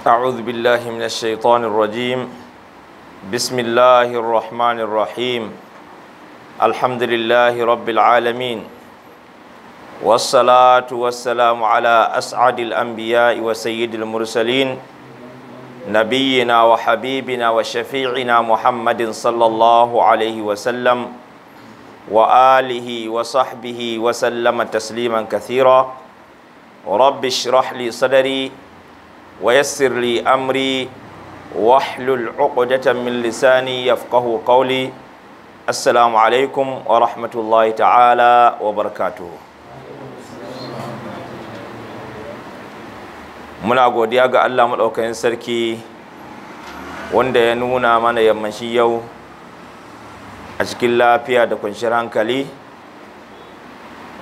أعوذ بالله من الشيطان الرجيم بسم الله الرحمن الرحيم الحمد لله رب العالمين والصلاة والسلام على أسعد الأنبياء وسيد المرسلين نبينا وحبيبنا وشفيعنا محمد صلى الله عليه وسلم وآله وصحبه وسلم تسليما كثيرا رب اشرح لي صدري ويسر لي أمري واحلل عقدة من لساني يفقه قولي السلام عليكم ورحمة الله تعالى وبركاته muna godiya ga Allah maɗaukakin sarki wanda ya nuna mana yammaci yau a cikin lafiya da kwanciyar hankali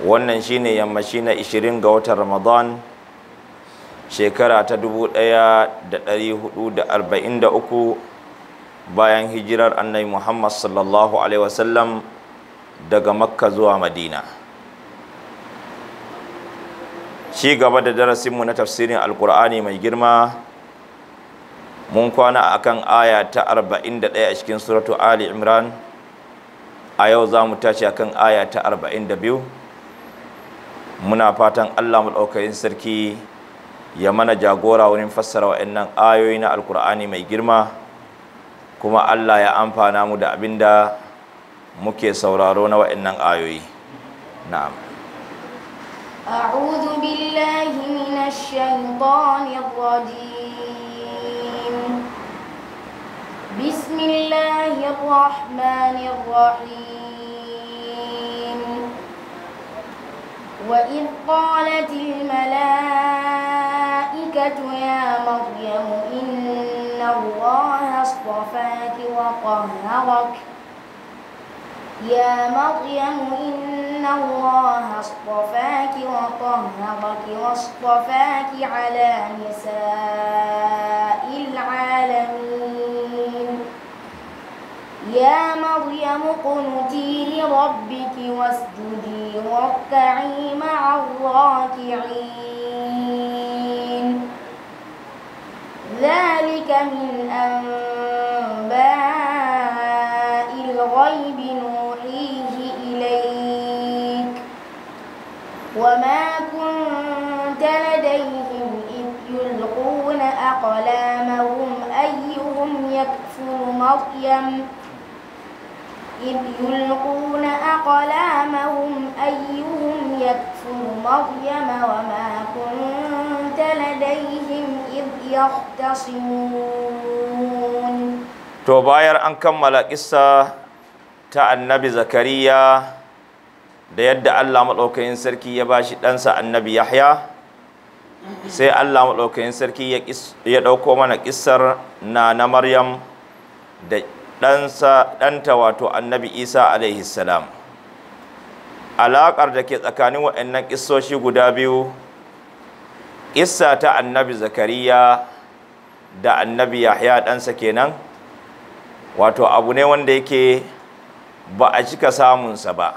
wannan shine yammaci na 20 ga watan Ramadan shekara ta 1443 bayan hijirar annai Muhammad sallallahu alaihi wasallam daga Makka zuwa Madina shi gaba da darasinmu na tafsirin alkur'ani mai girma mun kwana akan aya ta 41 a cikin suratu Ali Imran a yau za mu tashi akan aya ta 42 muna fatan Allah mu sarki ya mana jagora wurin fassara wa'annan ayoyi na alkur'ani mai girma kuma Allah ya amfana mu da abin da muke sauraro na wa'annan ayoyi na'am أعوذ بالله من الشيطان الرجيم بسم الله الملائكة يا مريم إن الله اصطفاك وطهرك يا مريم إن الله اصطفاك وطهرك واصطفاك على نساء العالمين يا مريم اقنتي لربك واسجدي واركعي مع الراكعين ذلك من أنباء الغيب نوحيه إليك وما كنت لديهم إذ يلقون أقلامهم أيهم يكفر مريم إذ يلقون أقلامهم أيهم يكفر مريم وما كنت to bayar an kammala kisa ta annabi zakariya da yadda Allah maɗaukakin sarki ya bashi ɗansa annabi yahya sai Allah maɗaukakin sarki ya ɗauko mana kisar na na maryam da ɗansa ɗanta wato annabi isa alaihi salam alaƙar da ke tsakanin waɗannan ƙissoshi guda biyu Issa ta annabi zakariya da annabi yahya ɗansa kenan wato abu ne wanda yake ba a cika samunsa ba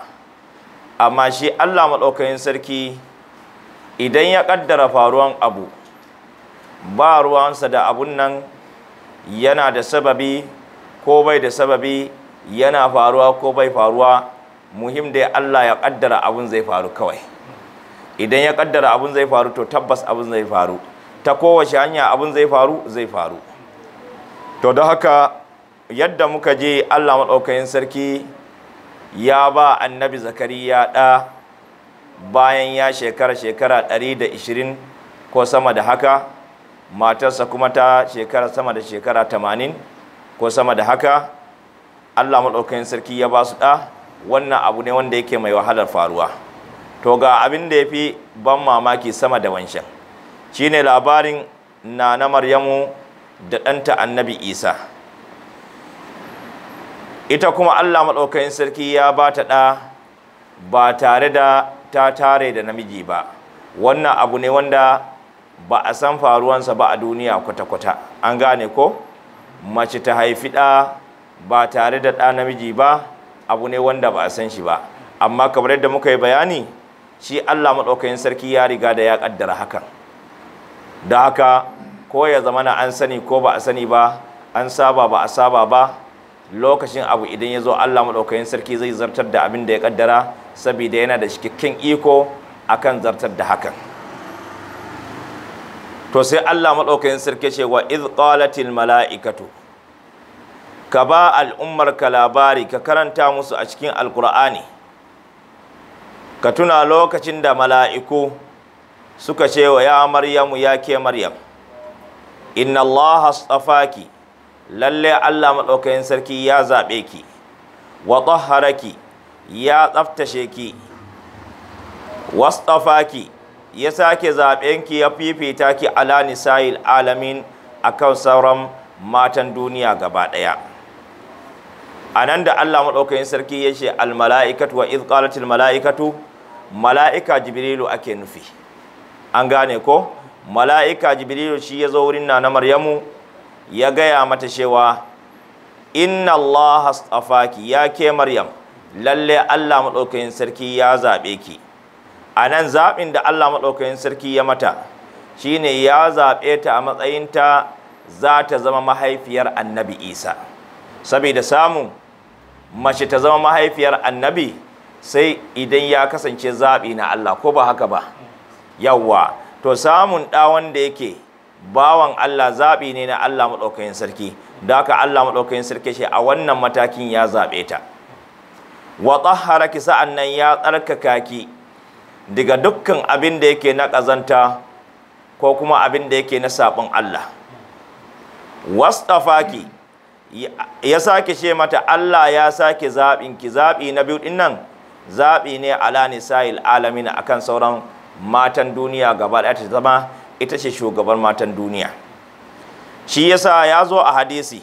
amma shi allah maɗaukain sarki idan ya ƙaddara faruwan abu ba ruwansa da abun nan yana da sababi ko bai da sababi yana faruwa ko bai faruwa muhim dai allah ya ƙaddara abun zai faru kawai idan ya kaddara abun zai faru to tabbas abin zai faru ta kowace hanya abin zai faru zai faru to da haka yadda muka je Allah maɗaukakin sarki ya ba annabi zakariya ɗa bayan ya shekara shekara 120 ko sama da haka matarsa kuma ta shekara sama da shekara 80 ko sama da haka Allah maɗaukain sarki ya ba su ɗa wannan abu ne wanda yake mai wahalar faruwa to ga abin da ya fi ban mamaki sama da wancan shine labarin na na maryamu da ɗanta annabi isa ita kuma allah maɗaukain sarki ya ba ta ɗa ba tare da ta tare da namiji ba wannan abu ne wanda ba a san faruwansa ba a duniya kwata-kwata an gane ko mace ta haifi ɗa ba tare da ɗa namiji ba abu ne wanda ba a san shi ba amma kamar yadda muka yi bayani shi Allah maɗaukakin sarki ya riga da ya ƙaddara hakan da haka ko ya zama na an sani ko ba a sani ba an saba ba a saba ba lokacin abu idan ya zo Allah maɗaukakin sarki zai zartar da abin da ya ƙaddara saboda yana da cikakken iko a kan zartar da hakan to sai Allah maɗaukakin sarki ce wa iz qalatil mala'ikatu ka ba al'ummar ka labari ka karanta musu a cikin Alkur'ani. ka tuna lokacin da mala'iku suka ce wa ya maryamu ya ke maryam inna allaha ki, lalle allah maɗaukayin sarki ya zaɓe ki wa ki ya tsaftace ki ya sake zaɓen ki ya fifita ki ala nisa'il alamin a kan sauran matan duniya gaba ɗaya a nan da allah maɗaukayin sarki ya ce almala'ikatu wa iz mala'ikatu mala'ika jibrilu ake nufi an gane ko mala'ika jibrilu shi ya zo wurin na na maryamu ya gaya mata cewa inna allaha astafaki ya ke maryam lalle allah maɗaukayin sarki ya zaɓe ki a nan zaɓin da allah maɗaukayin sarki ya mata shine ya zaɓe ta a matsayinta za ta zama mahaifiyar annabi isa saboda samun mace ta zama mahaifiyar annabi sai idan ya kasance zaɓi na Allah ko ba haka ba yawwa to samun ɗa wanda yake bawan Allah zaɓi ne na Allah maɗaukakin sarki da aka Allah maɗaukakin sarki shi a wannan matakin ya zaɓe ta wa tsahara ki sa'an nan ya tsarkaka ki daga dukkan abin da yake na ƙazanta ko kuma abin da yake na saɓin Allah wastafa ya sake ce mata Allah ya sake zaɓin ki zaɓi na biyu ɗin nan zaɓi ne ala nisa'il alamin akan sauran matan duniya gaba ɗaya ta zama ita ce shugaban matan duniya shi yasa ya zo a hadisi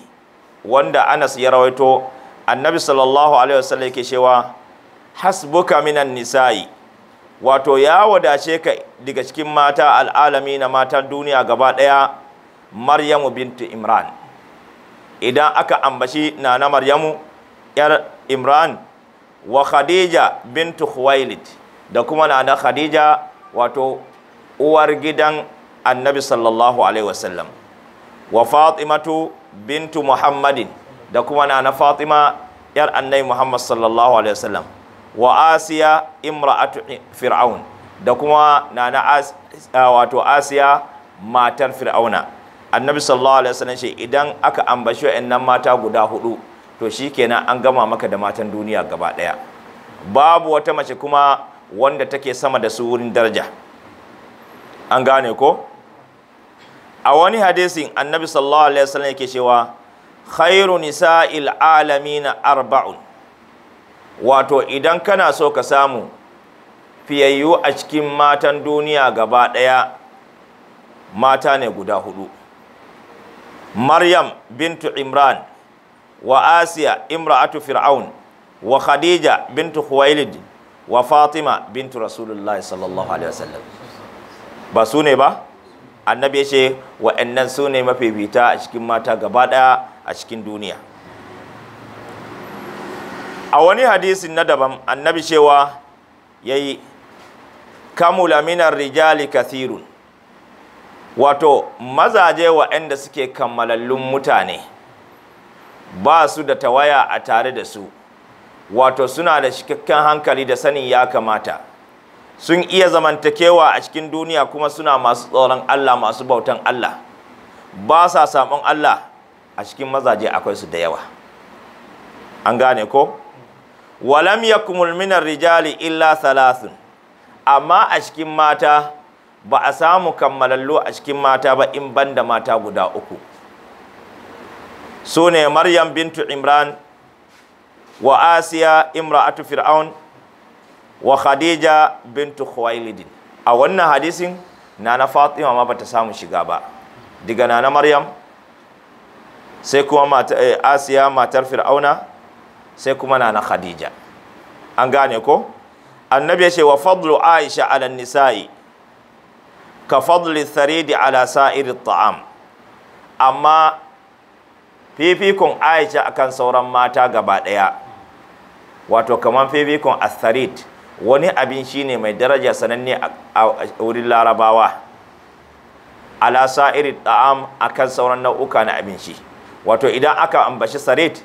wanda Anas ya rawaito annabi sallallahu alaihi wasallam yake cewa hasbuka minan nisa'i wato ya wadace ka daga cikin mata al'alami na matan duniya gaba ɗaya maryamu bintu imran idan aka ambaci nana maryamu yar imran wa khadija bintu khuwailid da kuma nana khadija wato uwar gidan annabi sallallahu alaihi wasallam wa fatimatu bintu muhammadin da kuma nana fatima yar annabi muhammad sallallahu alaihi wasallam wa asiya imra'atu fir'aun da kuma nana wato asiya matar fir'auna annabi sallallahu alaihi wasallam shi idan aka ambaci wa'annan mata guda hudu to shi kenan an gama maka da matan duniya gaba ɗaya babu wata mace kuma wanda take sama da su wurin daraja an gane ko a wani hadisin annabi sallallahu alaihi wasallam yake cewa khairu nisa'il alamin arba'un wato idan kana so ka samu fiyayyu a cikin matan duniya gaba ɗaya mata ne guda hudu maryam bintu imran wa asiya imra'atu fir'aun wa khadija bintu khuwailid wa fatima bintu rasulullahi sallallahu alaihi wasallam ba su ne ba annabi ya ce wa'annan su ne mafifita a cikin mata gaba daya a cikin duniya a wani hadisin na daban annabi cewa yayi kamula minar rijali kathirun wato mazaje wa'anda suke kammalallun mutane ba su da tawaya a tare da su wato suna da cikakken hankali da sanin ya kamata sun iya zamantakewa a cikin duniya kuma suna masu tsoron Allah masu bautan Allah ba sa saɓon Allah a cikin mazaje akwai su da yawa an gane ko walam ya kumulmina rijali illa salasun amma a cikin mata ba a samu kammalallo a cikin mata ba in banda mata guda uku su ne maryam bintu imran wa asiya imra'atu fir'aun wa khadija bintu khuwailidin a wannan hadisin nana fatima ma bata samu shiga ba Diga nana maryam sai kuma mata, eh, asiya matar fir'auna sai kuma nana khadija an gane ko annabi ya ce wa fadlu aisha ala nisa'i ka fadli tharidi ala sa'iri ta'am amma fifikon aisha akan sauran mata gaba ɗaya wato kamar fifikon astarit wani abin shine mai daraja sananne a wurin larabawa ala sa'irin ɗa'am akan sauran nau'uka na abinci wato idan aka ambaci sarit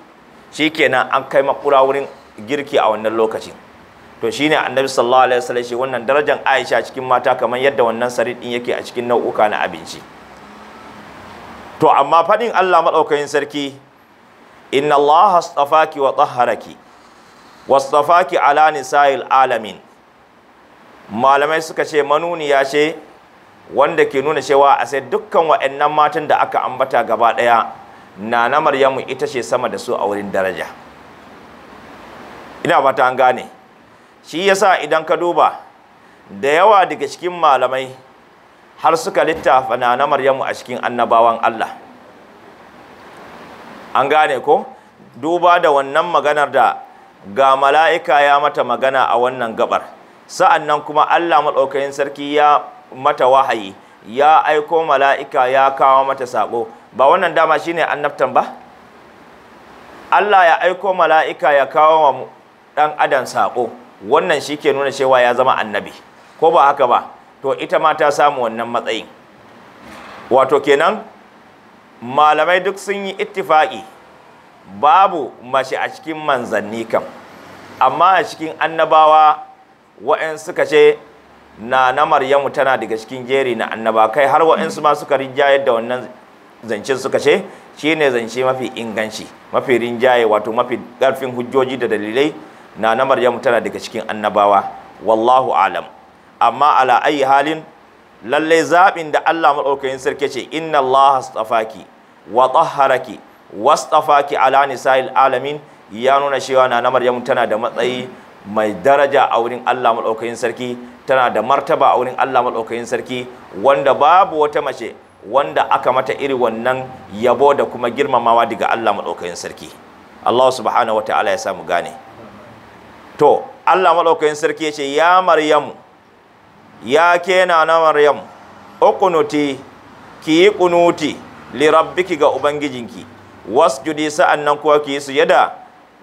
shikenan an kai makura wurin girki a wannan lokacin to shine annabi sallallahu alaihi wasallam shi wannan darajar Aisha cikin mata kamar yadda wannan sarit din yake a cikin nau'uka na abinci to amma faɗin Allah maɗaukakin sarki inna Allah astafaki wa tahharaki wastafaki ala nisa'il alamin malamai suka ce ya ce wanda ke nuna cewa a sai dukkan waɗannan matan da aka ambata gaba ɗaya na na Maryamu ita ce sama da su a wurin daraja ina fata an gane shi yasa idan ka duba da yawa daga cikin malamai har suka littafa na maryamu a cikin annabawan Allah an gane ko duba da wannan maganar da ga mala'ika ya mata magana a wannan gabar nan kuma Allah maɗaukakin sarki ya mata wahayi ya aiko mala'ika ya kawo mata sako, ba wannan dama shine annabtan ba Allah ya aiko mala'ika ya kawo wa ɗan adam saƙo wannan shi ke nuna cewa ya zama annabi ko ba haka ba to ita ma ta samu wannan matsayin wato kenan malamai duk sun yi ittifaƙi babu mashi a cikin manzanni kan amma a cikin annabawa wa'in suka ce na na maryamu tana daga cikin jeri na annaba kai har wa'insu ma suka rinjaye da wannan zancen suka ce shi ne zance mafi inganci mafi rinjaye wato mafi ƙarfin hujjoji da dalilai na na maryamu tana daga cikin annabawa wallahu alam amma ala ayi halin lallai zaɓin da Allah maɗaukakin sarki ce inna Allah astafaki wa tahharaki wastafaki ala nisa'il alamin ya nuna cewa na Maryam tana da matsayi mai daraja a wurin Allah maɗaukakin sarki tana da martaba a wurin Allah maɗaukakin sarki wanda babu wata mace wanda aka mata iri wannan yabo da kuma girmamawa daga Allah maɗaukakin sarki Allah subhanahu wataala ya samu gane to Allah maɗaukakin sarki ya ce ya Maryamu ya ke na maryam ukunuti ki yi kunuti li rabbiki ga ubangijinki wasjudi sa'an nan kuwa ki yi sujada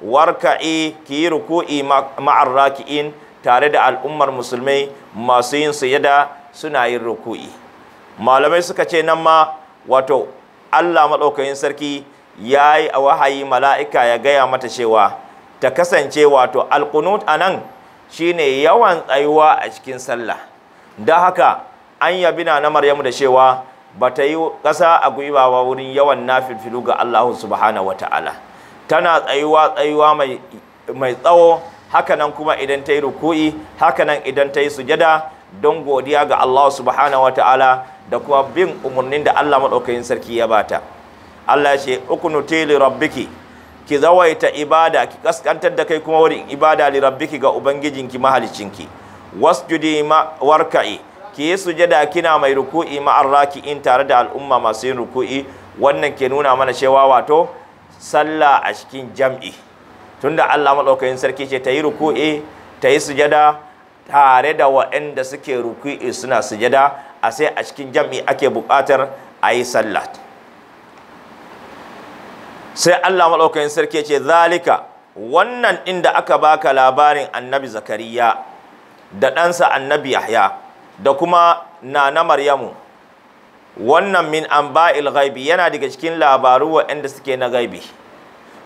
warka'i ki yi ruku'i ma'ar raki'in tare da al'ummar musulmai masu yin sujada suna yin ruku'i malamai suka ce nan ma wato Allah maɗaukakin sarki ya yi a wahayi mala'ika ya gaya mata cewa ta kasance wato alkunut a nan shine yawan tsayuwa a cikin sallah da haka an yabi na maryamu da cewa ba ta yi ƙasa a gwiwa ba wurin yawan nafilfilu ga Allah subhanahu wa ta'ala tana tsayuwa tsayuwa mai tsawo hakanan kuma idan ta yi ruku'i hakanan idan ta yi sujada don godiya ga Allah subhanahu wa ta'ala da kuma bin umarnin da Allah maɗaukakin sarki ya bata Allah ce ukunuti li rabbiki ki zawaita ibada ki kaskantar da kai kuma wurin ibada li rabbiki ga ubangijinki mahalicinki wasjudi ma warka'i ki yi sujada kina mai ruku'i ma'ar raki'in tare da al'umma masu yin ruku'i wannan ke nuna mana cewa wato sallah a cikin jam'i tunda Allah madaukakin sarki ce ta yi ruku'i ta yi sujada tare da waɗanda suke ruku'i suna sujada a sai a cikin jam'i ake buƙatar a yi sallah sai Allah madaukakin sarki ce zalika wannan inda aka baka labarin annabi zakariya da ɗansa annabi yahya da kuma nana maryamu wannan min an anba'il ghaibi yana daga cikin labaru waɗanda suke na gaibi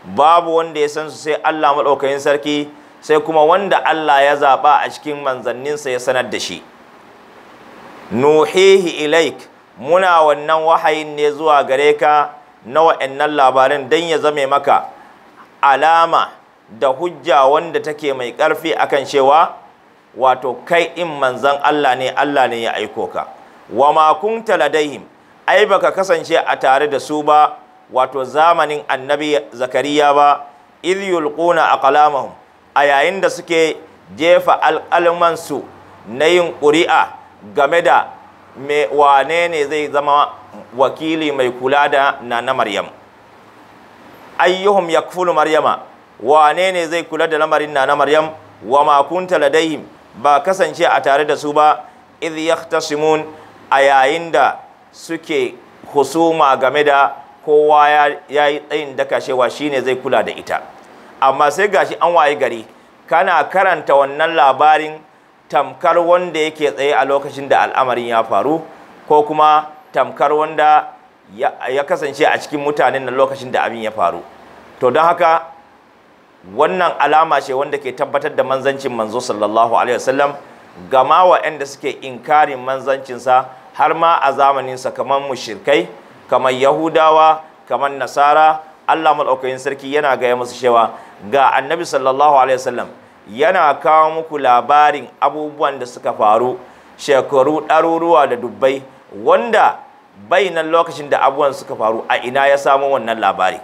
babu wanda ya san su sai Allah maɗaukakin sarki sai kuma wanda Allah ya zaɓa a cikin manzanninsa ya sanar da shi nuhihi ilaik muna wannan wahayin ne zuwa gare ka na waɗannan labarin don ya zame maka alama da hujja wanda take mai ƙarfi akan cewa wato kai in manzan Allah ne Allah ne ya aiko ka wa ma kunta ladaihim ai baka kasance a tare da su ba wato zamanin annabi zakariya ba idh yulquna aqlamahum a yayin da suke jefa alƙalman na yin ƙuri'a game da me wane ne zai zama wakili mai kula da nana maryam ayyuhum yakfulu maryama wane ne zai kula da lamarin nana maryam wa ma kunta ladaihim ba kasance a tare da su ba idh yahtasimun a yayin da suke husuma game da kowa ya yi tsayin daka shewa shine zai kula da ita amma sai gashi an waye gari kana karanta wannan labarin tamkar wanda yake tsaye a lokacin da al'amarin ya faru ko kuma tamkar wanda ya kasance a cikin mutanen na lokacin da abin ya faru to don haka wannan alama ce wanda ke tabbatar da manzancin manzo sallallahu alaihi wasallam gama waɗanda suke inkarin manzancinsa har ma a zamaninsa kamar mushirkai kamar yahudawa kamar nasara allah maɗaukakin sarki yana gaya musu cewa ga annabi sallallahu alaihi wasallam yana kawo muku labarin abubuwan da suka faru shekaru ɗaruruwa da dubbai wanda bainan lokacin da abubuwan suka faru a ina ya samu wannan labari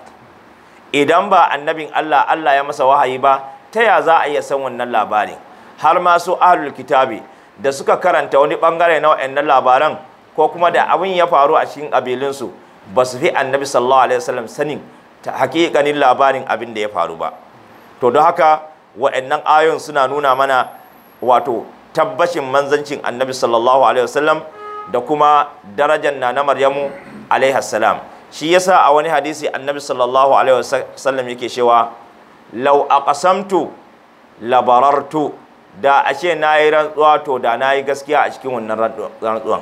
idan ba annabin Allah Allah ya masa wahayi ba ta ya za a iya san wannan labarin har ma su ahlul kitabi da suka karanta wani bangare na wa'annan labaran ko kuma da abin ya faru a cikin abilinsu ba su fi annabi sallallahu alaihi wasallam sanin ta hakikanin labarin abin da ya faru ba to don haka wa'annan ayon suna nuna mana wato tabbacin manzancin annabi sallallahu alaihi wasallam da kuma darajar na na maryamu alaihi salam shi yasa a wani hadisi annabi sallallahu alaihi wasallam yake cewa law aqsamtu labarartu da ashe nayi rantsuwa to da nayi gaskiya a cikin wannan rantsuwan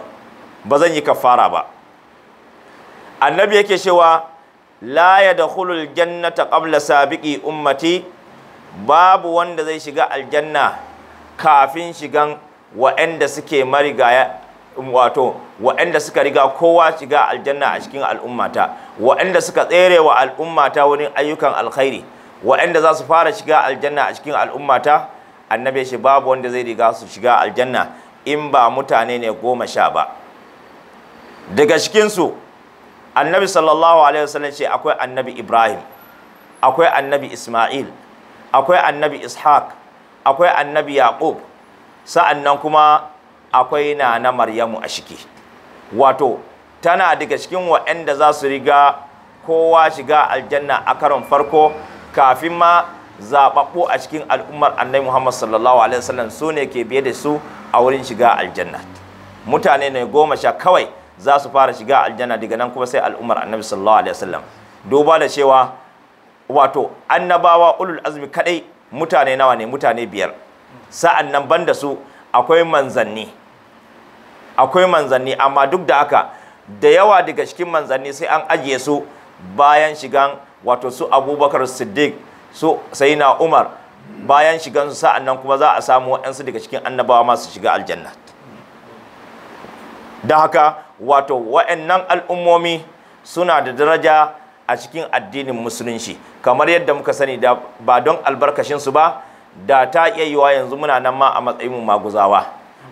ba zan yi kafara ba annabi yake cewa la yadkhulu aljannata qabla sabiqi ummati babu wanda zai shiga aljanna kafin shigan wa'anda suke marigaya wato waɗanda suka riga kowa shiga aljanna a cikin al'ummata waɗanda suka tsere wa al'ummata wurin ayyukan alkhairi waɗanda za su fara shiga aljanna a cikin al'ummata annabi shi babu wanda zai riga su shiga aljanna in ba mutane ne goma sha ba daga cikinsu annabi sallallahu alaihi wasallam ce akwai annabi ibrahim akwai annabi isma'il akwai annabi ishaq akwai annabi yaqub sa'annan kuma akwai na na maryamu a shiki wato tana daga cikin waɗanda za su riga kowa shiga aljanna a karon farko kafin ma zaɓaɓɓo a cikin al'ummar annai muhammad sallallahu alaihi wasallam su ne ke biye da su a wurin shiga aljanna mutane ne goma sha kawai za su fara shiga aljanna daga nan kuma sai al'ummar annabi sallallahu alaihi wasallam duba da cewa wato annabawa ulul azmi kadai mutane nawa ne mutane biyar sa'an nan banda su akwai manzanni akwai manzanni amma duk da haka da yawa daga cikin manzanni sai an ajiye su bayan shigan wato su abubakar siddiq su sayina umar bayan shigan su sa'an nan kuma za a samu waɗansu daga cikin annabawa masu shiga aljanna da haka wato nan al'ummomi suna da daraja a cikin addinin musulunci kamar yadda muka sani da ba don albarkashinsu ba da ta iya yiwa yanzu muna nan ma a matsayin maguzawa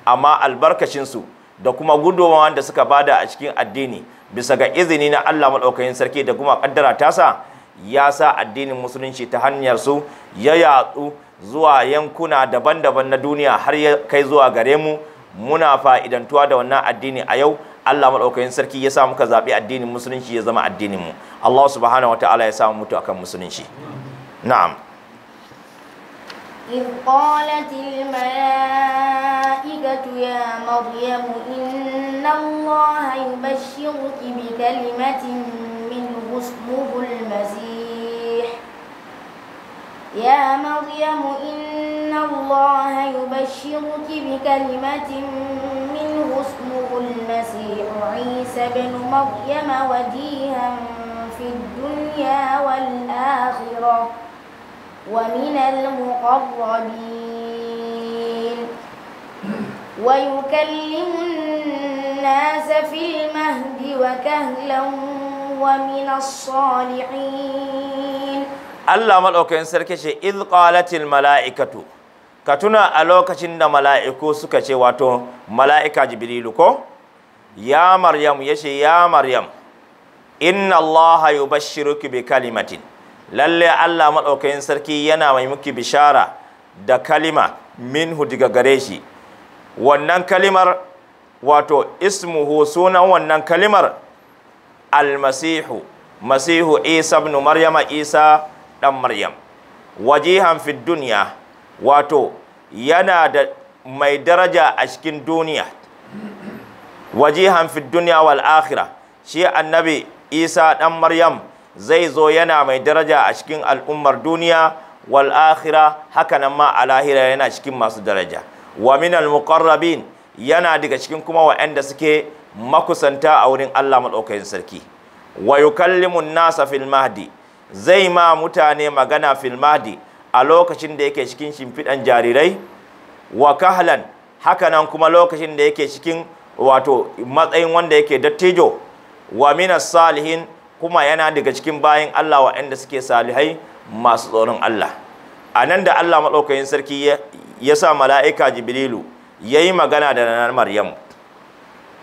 amma albarkashinsu da kuma gudunmawa da suka bada a cikin addini bisa ga izini na Allah maɗaukakin sarki da kuma ƙaddara tasa ya sa addinin musulunci ta hanyar su ya yatsu zuwa yankuna daban-daban na duniya har ya kai zuwa gare mu muna fa'idantuwa da wannan addini a yau Allah maɗaukakin sarki ya sa muka zaɓi addinin musulunci ya zama addinin mu Allah subhanahu ta'ala ya sa mu mutu akan musulunci na'am إذ قالت الملائكة يا مريم إن الله يبشرك بكلمة منه اسمه المسيح يا مريم إن الله يبشرك بكلمة منه اسمه المسيح عيسى بن مريم وجيها في الدنيا والآخرة ومن المقربين ويكلم الناس في المهد وكهلا ومن الصالحين Allah maɗaukakin sarki ce iz mala'ikatu ka tuna a lokacin da mala'iku suka ce wato mala'ika jibrilu ko ya maryam yace ya maryam inna allaha yubashshiruki bi kalimatin lalle Allah maɗaukakin sarki yana mai muki bishara da kalima minhu daga gare shi wannan kalimar wato ismuhu sunan wannan kalimar almasihu masihu isa ibn maryama isa dan maryam wajihan fid duniya wato yana da mai daraja a cikin duniya wajihan fid duniya wal akhirah shi annabi isa dan maryam zai zo yana mai daraja a cikin al'ummar duniya wal akhira hakanan ma a lahira yana cikin masu daraja wa min al muqarrabin yana daga cikin kuma wa'anda suke makusanta a wurin Allah madaukakin sarki wa yukallimu nasa fil mahdi zai ma mutane magana fil a lokacin da yake cikin shimfiɗan jarirai wa kahlan hakanan kuma lokacin da yake cikin wato matsayin wanda yake dattijo wa salihin kuma yana daga cikin bayan Allah waɗanda suke salihai masu tsoron Allah a nan da Allah maɗaukakin sarki ya sa mala'ika jibrilu ya yi magana da nanar maryamu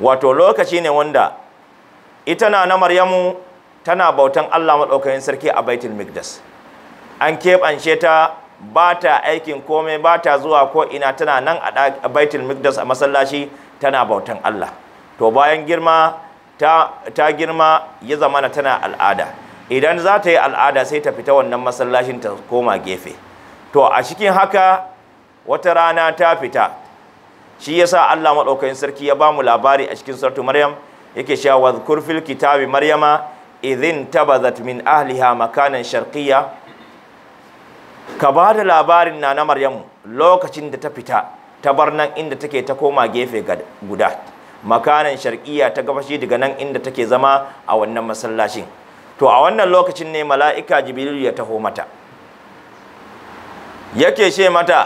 wato lokaci ne wanda ita na na maryamu tana bautan Allah maɗaukakin sarki a baitul mikdas an keɓance ta ba ta aikin komai ba ta zuwa ko ina tana nan a baitul mikdas a masallaci tana bautan Allah to bayan girma ta girma ya zamana tana al'ada idan za ta yi al'ada sai ta fita wannan masallacin ta koma gefe to a cikin haka wata rana ta fita shi ya sa Allah maɗaukain sarki ya bamu labari a cikin sartu Maryam yake sha wa kurfil kitabi Maryama idhin tabazat min ahliha makanan sharqiyya ka ba da labarin na na Maryamu lokacin da ta fita ta bar nan inda take ta koma gefe guda makanan sharqiya ta gabashi daga nan inda take zama a wannan masallacin to a wannan lokacin ne mala'ika jibril ya taho mata yake ce mata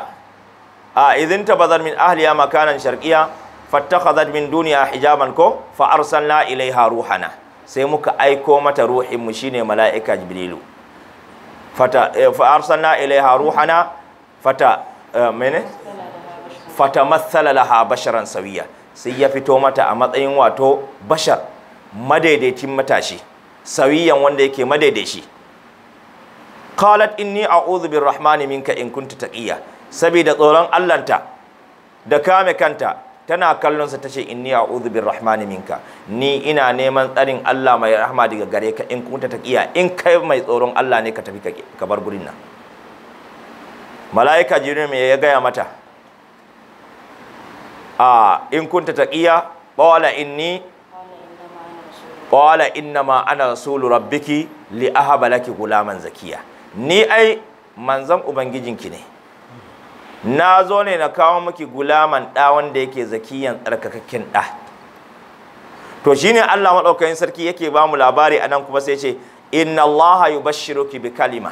a idhin tabazar min ahliya makanan sharqiya fattakhadhat min duniya hijaban ko fa arsalna ilaiha ruhana sai muka aiko mata ruhin mu shine mala'ika jibrilu fata eh, fa arsalna ilaiha ruhana fata eh, mene fata laha basharan sawiya sai ya fito mata a matsayin wato bashar madaidaicin matashi sawiyan wanda yake madaidaici qalat inni a'udhu birrahmani minka in kunta taqiya saboda tsoron Allahnta da kame kanta tana kallon sa tace inni a'udhu birrahmani minka ni ina neman tsarin Allah mai rahma daga gare ka in kunta taqiya in kai mai tsoron Allah ne ka tafi ka bar gurin nan malaika jibril ya gaya mata a ah, in kunta taqiya qala inni qala ana rasulu rabbiki li ahaba laki gulaman zakiya ni ai manzon ubangijinki ne na zo ne na kawo miki gulaman ɗa wanda yake zakiyan tsarkakakken ɗa to shi ne Allah maɗaukakin sarki yake ba mu labari a nan kuma sai ce inna Allah ki bi kalima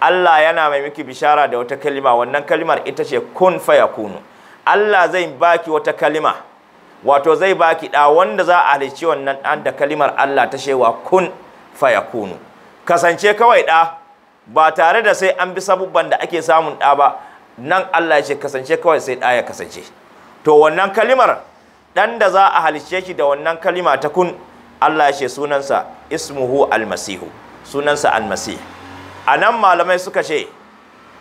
Allah yana mai miki bishara da wata kalima wannan kalimar ita ce kun kunu. Allah zai baki wata kalima wato zai baki da wanda za a halicci wannan dan da kalimar Allah ta shewa kun fayakunu kasance kawai da ba tare da sai an bi sabubban da ake samun da ba nan Allah ya ce kasance kawai sai da ya kasance to wannan kalimar dan da za a halicce shi da wannan kalima ta kun Allah ya ce sunansa ismuhu almasihu sunansa almasih anan malamai suka ce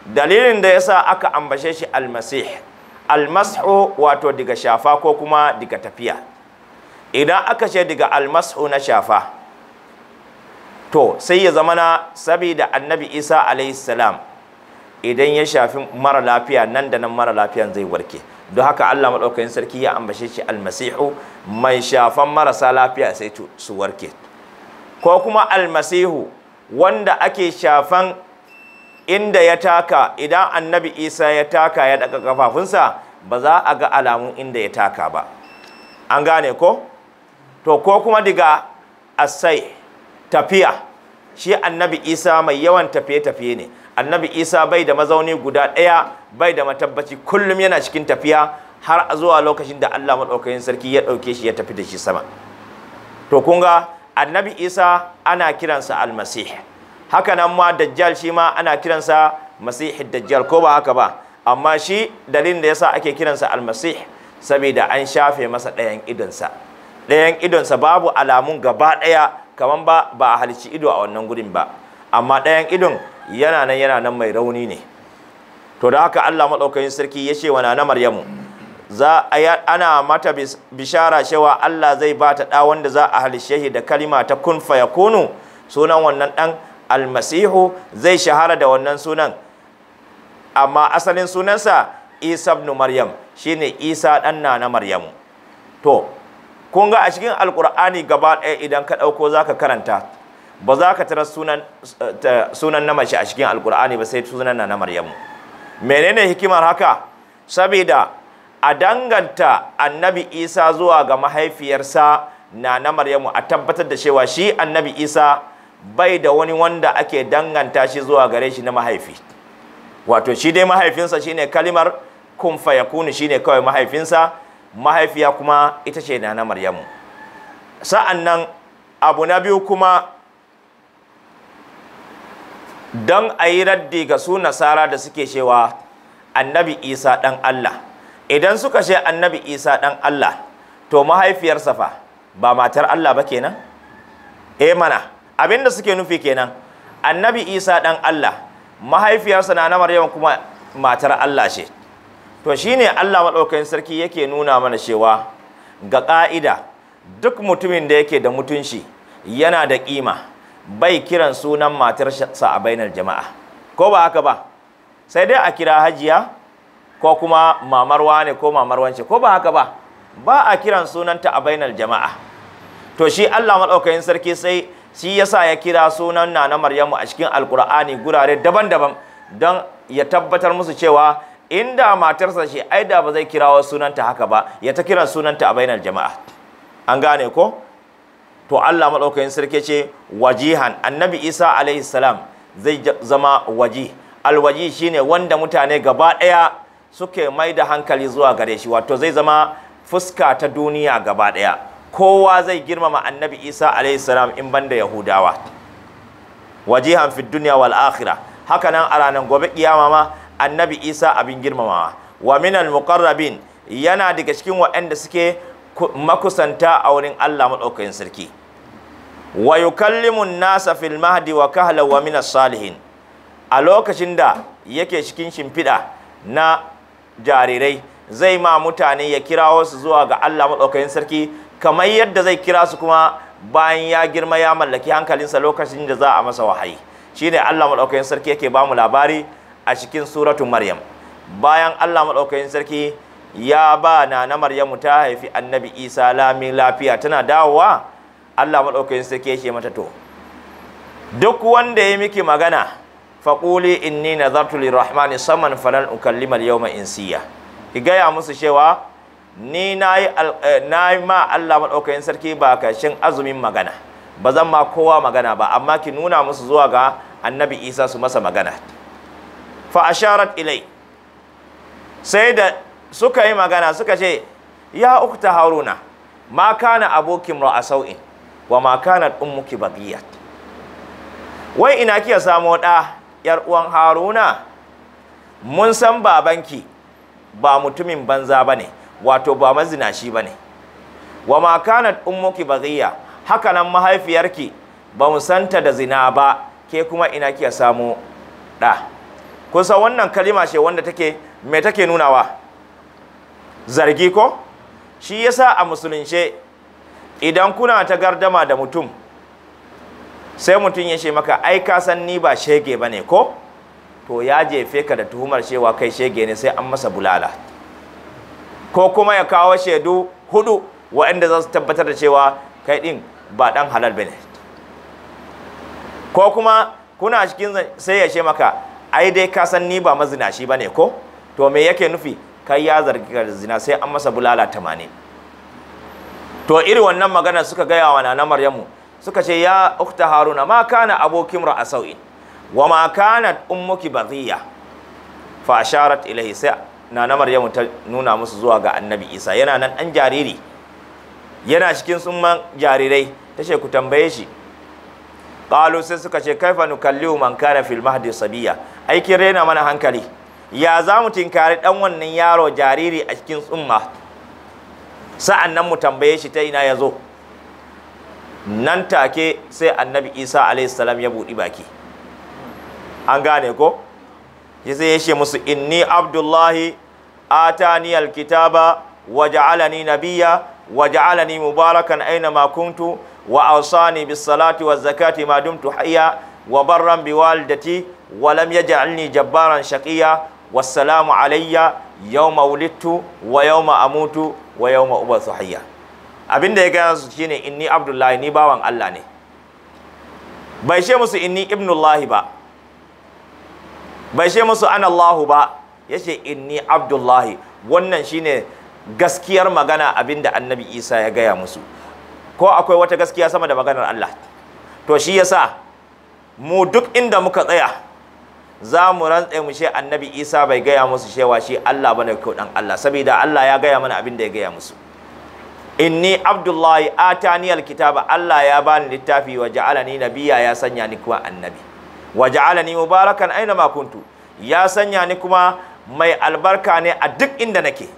dalilin da yasa aka ambace shi almasih almas'u wato diga shafa ko kuma diga tafiya idan aka ce diga almas'u na shafa to sai ya zamana saboda annabi isa alaihi salam idan ya shafi mara lafiya nan da nan mara lafiyan zai warke don haka Allah maɗaukakin sarki ya ambashe shi almasihu mai shafan marasa lafiya sai su warke ko kuma almasihu wanda ake shafan inda ya taka idan annabi isa ya taka ya daga kafafunsa ba za a ga alamun inda ya taka ba an gane ko to ko kuma diga asai tafiya shi annabi isa mai yawan tafiye-tafiye ne annabi isa bai da mazauni guda ɗaya bai da matabbaci kullum yana cikin tafiya har a zuwa lokacin da allah maɗaukakin sarki ya ɗauke shi ya tafi da shi sama to kunga annabi isa ana kiransa almasih haka nan ma dajjal shi ma ana kiransa masihi dajjal ko ba haka ba amma shi dalilin da yasa ake kiransa almasih saboda an shafe masa ɗayan idonsa ɗayan idonsa babu alamun gaba ɗaya kaman ba ba a halici ido a wannan gudun ba amma ɗayan idon yana nan yana nan mai rauni ne to da haka Allah maɗaukakin sarki ya ce wa na Maryamu za a ana mata bishara cewa Allah zai ba ta ɗa wanda za a halishe da kalima ta kun fayakunu sunan wannan ɗan almasihu zai shahara da wannan sunan amma asalin sunansa isa ibn maryam shine isa ɗan na maryamu to kun ga a cikin alkur'ani gaba ɗaya idan ka ɗauko za ka karanta ba za ka tara sunan na mace a cikin alkur'ani ba sai sunan na maryamu menene hikimar haka saboda a danganta annabi isa zuwa ga mahaifiyarsa na na maryamu a tabbatar da cewa shi annabi isa bai da wani wanda ake danganta shi zuwa gare shi na mahaifi wato shi dai mahaifinsa shine kalimar kun fayakunu shine kawai mahaifinsa mahaifiya kuma ita ce na maryamu sa'an nan abu na biyu kuma don a yi raddi ga su nasara da suke cewa annabi isa ɗan allah idan suka ce annabi isa ɗan allah to mahaifiyarsa fa ba matar allah ba kenan e mana Abin da suke nufi kenan annabi isa ɗan allah mahaifiyarsa na na maryam kuma matar allah ce to shi ne allah maɗaukakin sarki yake nuna mana cewa ga ƙa'ida duk mutumin da yake da mutunci yana da ƙima bai kiran sunan matar sa a bainar jama'a ko ba haka ba sai dai a kira hajiya ko kuma mamarwa ne ko mamarwance ko ba haka ba ba a kiran sunanta a bainar jama'a to shi Allah madaukakin sarki sai shi yasa ya kira sunan nana maryamu a cikin alkur'ani gurare daban-daban don ya tabbatar musu cewa inda matarsa shi ai da ba zai kira wa sunanta haka ba ya ta kiran sunanta a bainar jama'a an gane ko to Allah madaukakin sarki ce wajihan annabi Isa alaihi salam zai zama waji alwaji shine wanda mutane gaba daya suke mai da hankali zuwa gare shi wato zai zama fuska ta duniya gaba daya kowa zai girmama annabi isa alaihi salam in banda yahudawa wajihan fi duniya wal akhirah haka nan a ranar gobe kiyama ma annabi isa abin girmamawa wa minal muqarrabin yana daga cikin waɗanda suke makusanta a wurin Allah maɗaukakin sarki wa yukallimun nasa fil mahdi wa kahla wa minas salihin a lokacin da yake cikin shimfiɗa na jarirai zai ma mutane ya kirawo su zuwa ga Allah maɗaukakin sarki kamar yadda zai kira su kuma bayan ya girma ya mallaki hankalinsa lokacin da za a masa wahayi shine Allah madaukakin sarki yake bamu labari a cikin suratu Maryam bayan Allah madaukakin sarki ya ba na na Maryamu ta haifi Annabi Isa lami lafiya tana dawowa Allah madaukakin sarki yake mata to duk wanda ya miki magana faquli inni nazartu lirrahmani saman falan ukallima al-yawma insiya ki gaya musu cewa ni na yi eh, ma Allah maɗaukakin sarki ba kashin azumin magana ba zan ma kowa magana ba amma ki nuna musu zuwa ga annabi isa su masa magana fa asharat ilai sai da suka yi magana suka ce ya ukta haruna ma kana abokin ra'a sau'in wa ma kana ummuki bagiya wai ina kiya samu ɗa yar uwan haruna mun san babanki ba mutumin banza ba ne wato ba shi ba ne wa ma kanat ummuki baghiya haka nan mahaifiyarki ba mu santa da zina ba ke kuma ina kiya samu da kusa wannan kalima ce wanda take me take nunawa zargi ko shi yasa a musulunce idan kuna ta gardama da mutum sai mutum ya ce maka ai ka san ni ba shege bane ko to ya jefe ka da tuhumar cewa kai shege ne sai an masa bulala ko kuma ya kawo shaidu hudu waɗanda za su tabbatar da cewa kai ɗin ba ɗan halal bane ko kuma kuna cikin sai ya ce maka ai dai ka san ni ba mazina shi bane ko to me yake nufi kai ya zargi ka zina sai an masa bulala tamanin to irin wannan magana suka gaya wa nana maryamu suka ce ya ukta haruna ma kana abokin ra'a sau'i wa ma kanat ummuki baghiya fa asharat ilayhi sai nana maryamu ta nuna musu zuwa ga annabi isa yana nan ɗan jariri yana cikin sunman jarirai ta ce ku tambaye shi ƙalu sai suka ce kaifa Kalli man kana fil mahdi sabiya aikin rena mana hankali ya za mu tinkari ɗan wannan yaro jariri a cikin tsumma sa'an nan mu tambaye shi ta ina ya zo nan take sai annabi isa salam ya buɗi baki an gane ko sai ya musu inni abdullahi atani alkitaba wa ja'alani nabiyya wa ja'alani mubarakan aina ma kuntu wa awsani bis salati waz zakati ma dumtu hayya wa barran bi walidati wa lam yaj'alni jabbaran shaqiya wassalamu alayya yawma wulidtu wa yawma amutu wa yawma ubathu hayya abinda ya gaya su shine inni abdullahi ni bawan Allah ne bai she musu inni ibnullahi ba bai ce musu an Allahu ba ya ce inni abdullahi wannan shine gaskiyar magana abinda annabi isa ya gaya musu ko akwai wata gaskiya sama da maganar Allah to shi yasa mu duk inda muka tsaya za mu rantse mu ce annabi isa bai gaya musu cewa shi Allah bane ko dan Allah saboda Allah ya gaya mana abin ya gaya musu inni abdullahi Ataniyal kitaba Allah ya bani littafi wa ja'alani nabiyya ya sanya ni kuwa annabi waja'alani mubarakan aina ma kuntu ya sanya ni kuma mai albarka ne a duk inda nake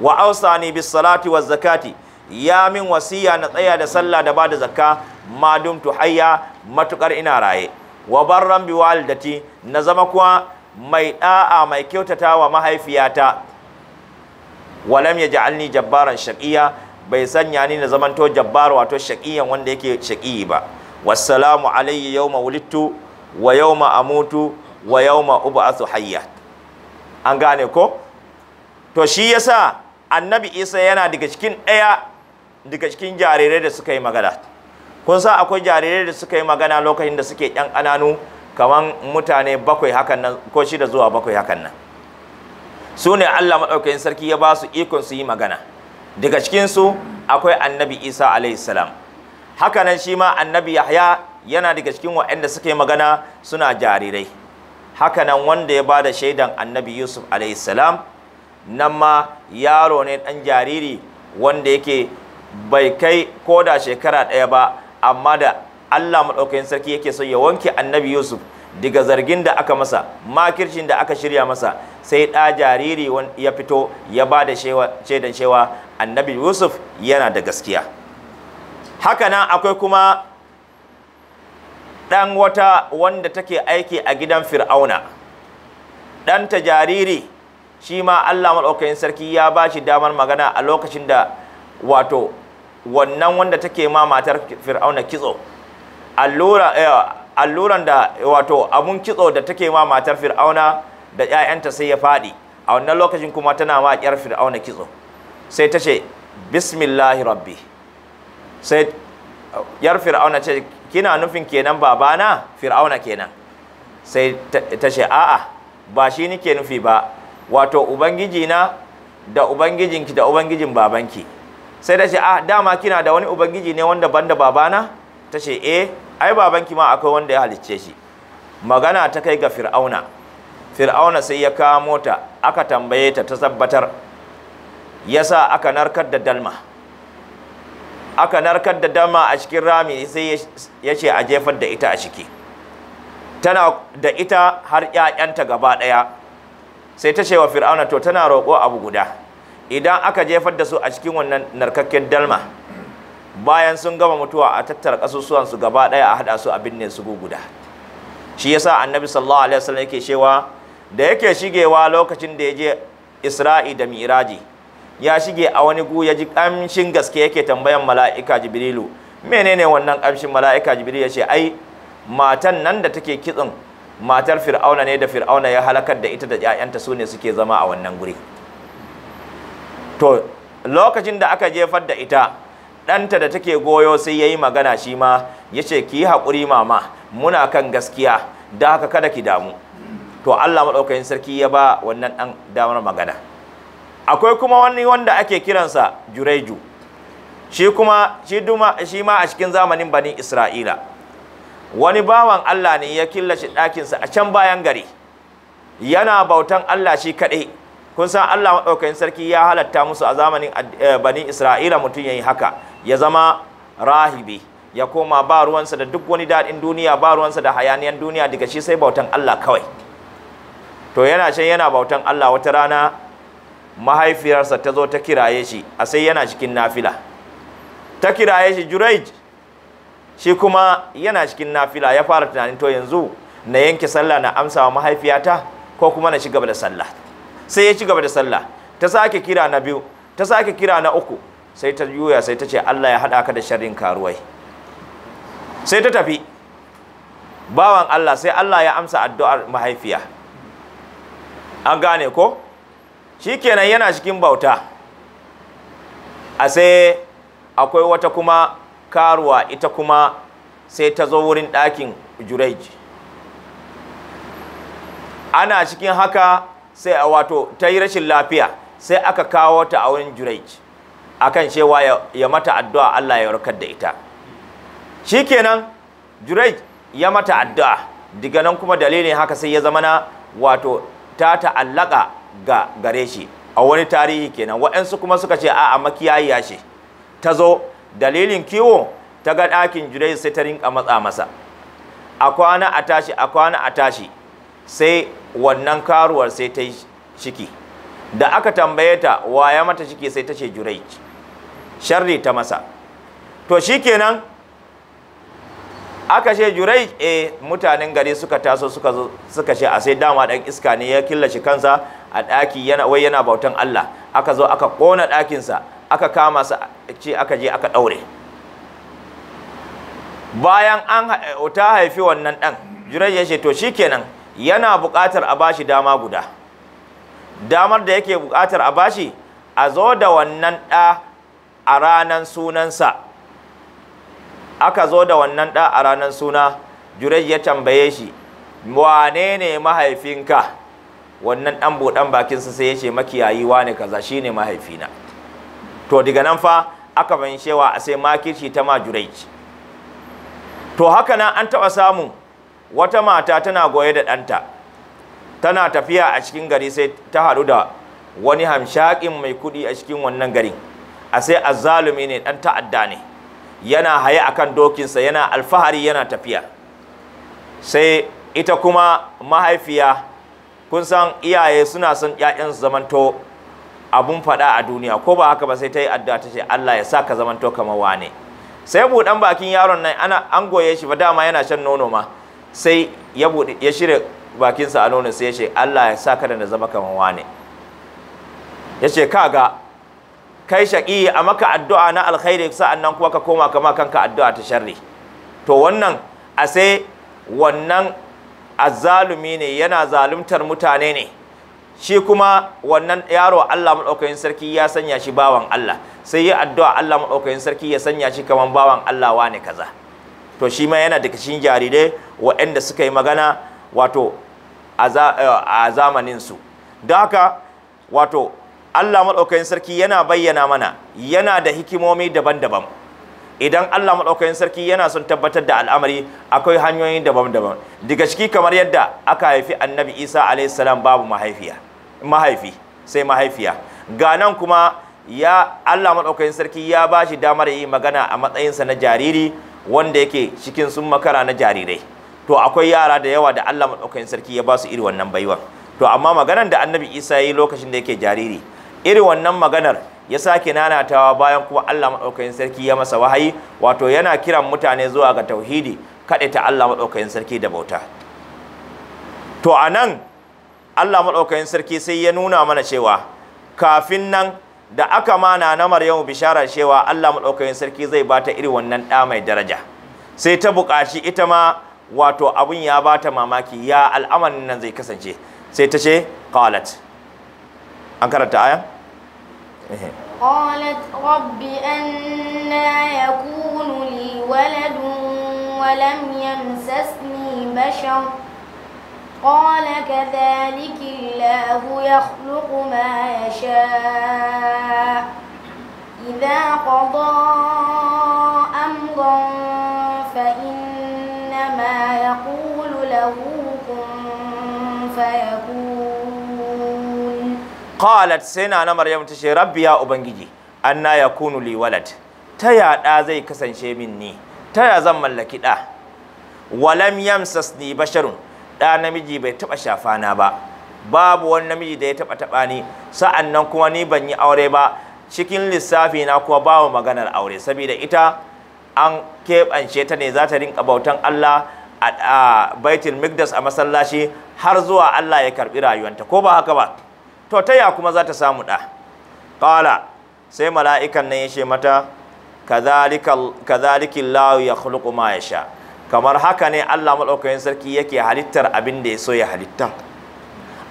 wa awsani bis salati waz zakati ya min wasiya na tsaya da sallah da bada zakka ma dumtu hayya matukar ina raye wa barran bi walidati na zama kuwa mai da'a mai kyautata wa mahaifiyata walam ya yaj'alni jabbaran shaqiya bai sanya ni na zamanto jabbar wato shaqiyan wanda yake shaqi ba wassalamu alayya yawma wulidtu wa a amutu wa yawma ub'athu hayya an gane ko to shi yasa annabi isa yana daga cikin ɗaya daga cikin jarirai da suka yi magana kun sa akwai jarirai da suka yi magana lokacin da suke yan ƙananu kaman mutane bakwai hakan nan ko shida zuwa bakwai hakan nan su ne allah maɗaukakin sarki ya ba su ikon su yi magana daga cikinsu akwai annabi isa alaihi salam haka nan shi ma annabi yahya yana daga cikin waɗanda suka yi magana suna jarirai hakanan wanda ya bada shaidan annabi yusuf alaihissalam nan ma yaro ne ɗan jariri wanda yake bai kai ko da shekara ɗaya ba amma da allah maɗaukakin sarki yake so ya wanke annabi yusuf daga zargin da aka masa makircin da aka shirya masa sai ɗa jariri ya fito ya ba da shaidan cewa annabi yusuf yana da gaskiya hakanan akwai kuma ɗan wata wanda take aiki a gidan fir'auna ɗanta jariri shi ma allah maɗaukakin sarki ya ba shi damar magana a lokacin da wato wannan wanda take ma matar fir'auna kitso eh, alluran da wato abun kitso da take ma matar fir'auna da 'ya'yanta sai ya faɗi a wannan lokacin kuma tana ma ƙyar fir'auna kitso sai ta ce bismillahi rabbi sai yar fir'auna ce kina nufin kenan babana fir'auna kenan sai ta ce a'a ba shi nike nufi ba wato ubangiji na da ubangijinki da ubangijin babanki sai ta ce a ah, dama kina da wani ubangiji ne wanda banda babana ta ce e ai babanki ma akwai wanda ya halicce shi magana ta kai ga fir'auna fir'auna sai ya kamo ta aka tambaye ta ta tabbatar yasa aka narkar da dalma aka narkar da dama a cikin rami sai ya ce a jefar da ita a ciki tana da ita har 'ya'yanta gaba ɗaya sai ta ce wa fir'auna to tana roƙo abu guda idan aka jefar da su a cikin wannan narkakken dalma bayan sun gama mutuwa a tattara ƙasusuwansu gaba ɗaya a haɗa su a binne su guguda shi yasa annabi sallallahu alaihi wasallam yake cewa da yake shigewa lokacin da ya je isra'i da miraji ya shige a wani gu ya ji kamshin gaske yake tambayan mala'ika jibrilu menene wannan kamshin mala'ika jibrilu ya ce ai matan nan da take kitsin matar fir'auna ne da fir'auna ya halakar da ita da 'ya'yanta su ne suke zama a wannan guri to lokacin da aka jefar da ita ɗanta da take goyo sai ya yi magana shi ma ya ce ki yi haƙuri mama muna kan gaskiya da haka kada ki damu to allah maɗaukakin sarki ya ba wannan ɗan damar magana akwai kuma wani wanda ake kiransa juraiju shi kuma shi duma shi ma a cikin zamanin bani isra'ila wani bawan allah ne ya killace ɗakinsa a can bayan gari yana bautan allah shi kaɗai kun san allah maɗaukakin sarki ya halatta musu a zamanin eh, bani isra'ila mutum ya yi haka ya zama rahibi ya koma ba ruwansa da duk wani daɗin duniya ba ruwansa da hayaniyan duniya daga shi sai bautan allah kawai to yana can yana bautan allah wata rana mahaifiyarsa ta zo ta kiraye shi a sai yana cikin nafila ta kiraye shi juraij shi kuma yana cikin nafila ya fara tunanin to yanzu na yanke sallah na amsa wa mahaifiyata ko kuma na ci da sallah sai ya ci gaba da sallah ta sake kira na biyu ta sake kira na uku sai ta yuya sai ta ce Allah ya haɗa ka da sharrin karuwai sai ta tafi bawan Allah sai Allah ya amsa addu'ar mahaifiya an gane ko shi kenan yana cikin bauta a sai akwai wata kuma karuwa ita kuma sai ta zo wurin ɗakin jureji ana cikin haka sai a wato ta yi rashin lafiya sai aka kawo ta a wurin jureji akan cewa ya mata addu'a Allah ya warkar da ita shi kenan jureji ya mata addu'a diga nan kuma dalilin haka sai ya zama na wato ta ta'allaka ga gare shi a wani tarihi kenan waɗansu kuma suka ce a'a makiyayya ce ta zo dalilin kiwo ta ga ɗakin jirai sai ta rinka matsa masa a kwana a tashi a kwana a tashi sai wannan karuwar sai ta yi ciki da aka tambaye ta waya mata ciki sai ta ce jirai sharri ta masa to shi kenan aka ce jirai e eh, mutanen gari suka taso suka zo ce a sai dama ɗan iska ne ya killace kansa a ɗaki yana wai yana bautan Allah aka zo aka ƙona ɗakinsa aka kama sa ce aka je aka ɗaure bayan an ta haifi wannan ɗan jirai ya ce to shikenan yana buƙatar a bashi dama guda damar da yake buƙatar a bashi a zo da wannan ɗa a ranar sunansa aka zo da wannan ɗa a ranar suna jurai ya tambaye shi wane ne mahaifinka wannan dan buɗan bakinsa sai ya ce makiyayi wane kaza shine mahaifina to daga nan fa aka fahimcewa a sai makirci ta majurai to haka nan an taɓa samun wata mata tana goye da ɗanta tana tafiya a cikin gari sai ta haɗu da wani hamshaƙin mai kuɗi a cikin wannan garin a sai azzalumi ne ɗan ta'adda ne yana haye akan dokinsa yana alfahari yana tafiya sai ita kuma mahaifiya kun san iyaye suna son su zamanto abun faɗa a duniya ko ba haka ba sai ta yi addu'a ta ce Allah ya sa ka zamanto kamar wane sai buɗan bakin yaron nan ana an goye shi ba dama yana shan nono ma sai ya buɗe ya shirya bakinsa a nono sai ya ce Allah ya sa ka da na zama kamar wane ya ce kaga kai shaƙi a maka addu'a na alkhairi sa'an nan kuma ka koma kama kanka addu'a ta sharri to wannan a sai wannan azzalumi ne yana zaluntar mutane ne shi kuma wannan yaro Allah maɗaukakin sarki ya sanya shi bawan Allah sai ya addu'a Allah maɗaukakin sarki ya sanya shi kaman bawan Allah wane kaza to shi ma yana daga cikin jarirai waɗanda suka yi magana wato a su don haka wato Allah maɗaukakin sarki yana bayyana mana yana da hikimomi daban-daban idan Allah maɗaukakin sarki yana son tabbatar da al'amari akwai hanyoyin daban-daban daga ciki kamar yadda aka haifi annabi isa alayhi babu mahaifiya mahaifi sai mahaifiya ga nan kuma ya Allah maɗaukakin sarki ya ba shi damar yi magana a matsayinsa na jariri wanda yake cikin sun makara na jarirai to akwai yara da yawa da Allah maɗaukakin sarki ya ba su iri wannan baiwan to amma maganar da annabi isa ya yi lokacin da yake jariri iri wannan maganar ya sake nanatawa bayan kuma Allah maɗaukakin sarki ya masa wahayi wato yana kiran mutane zuwa ga tauhidi ta Allah maɗaukakin sarki da bauta to a nan Allah maɗaukakin sarki sai ya nuna mana cewa kafin nan da aka mana na Maryamu bishara cewa Allah maɗaukakin sarki zai bata irin wannan ɗa mai daraja sai ta buƙaci ita ma wato abin ya bata mamaki ya al'amarin nan zai kasance sai ta ce qalat an karanta ayan إيه. قالت رب أنا يكون لي ولد ولم يمسسني بشر قال كذلك الله يخلق ما يشاء إذا قضى أمرا فإنما يقول له qalat sai na na maryam ta ce rabbi ya ubangiji anna yakunu li walad ta ya da zai kasance min ni ta ya zan mallaki da walam yamsasni basharun da namiji bai taba shafa na ba babu wani namiji da ya taba taba ni sa'annan kuma ni ban yi aure ba cikin lissafi na kuma babu maganar aure saboda ita an keɓance ta ne za ta rinka bautan Allah a baitul mikdas a masallaci har zuwa Allah ya karbi rayuwanta ko ba haka ba to ta ya kuma za ta samu ɗa ƙala sai mala'ikan nan ya ce mata ka zalikin lawu ya khuluqu ma ya sha kamar haka ne Allah maɗaukakin sarki yake halittar abin da ya so ya halitta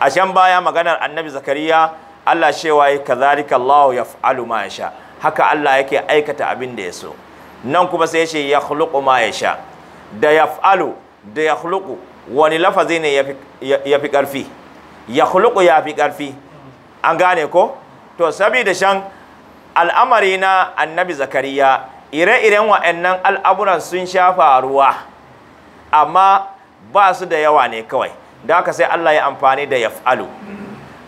a can baya maganar annabi zakariya Allah yi ya kazalikan lawu ya fa'alu ma ya sha haka Allah yake aikata abin da ya so nan kuma sai ya ce ya khuluqu ma ya sha da ya fa'alu da ya khuluqu wani lafazi ne ya fi ƙarfi ya khuluqu ya fi ƙarfi an gane ko to saboda shan al'amari na annabi zakariya ire-iren wa'annan al'aburan sun sha faruwa. amma ba su da yawa ne kawai da aka sai Allah ya amfani da ya alu.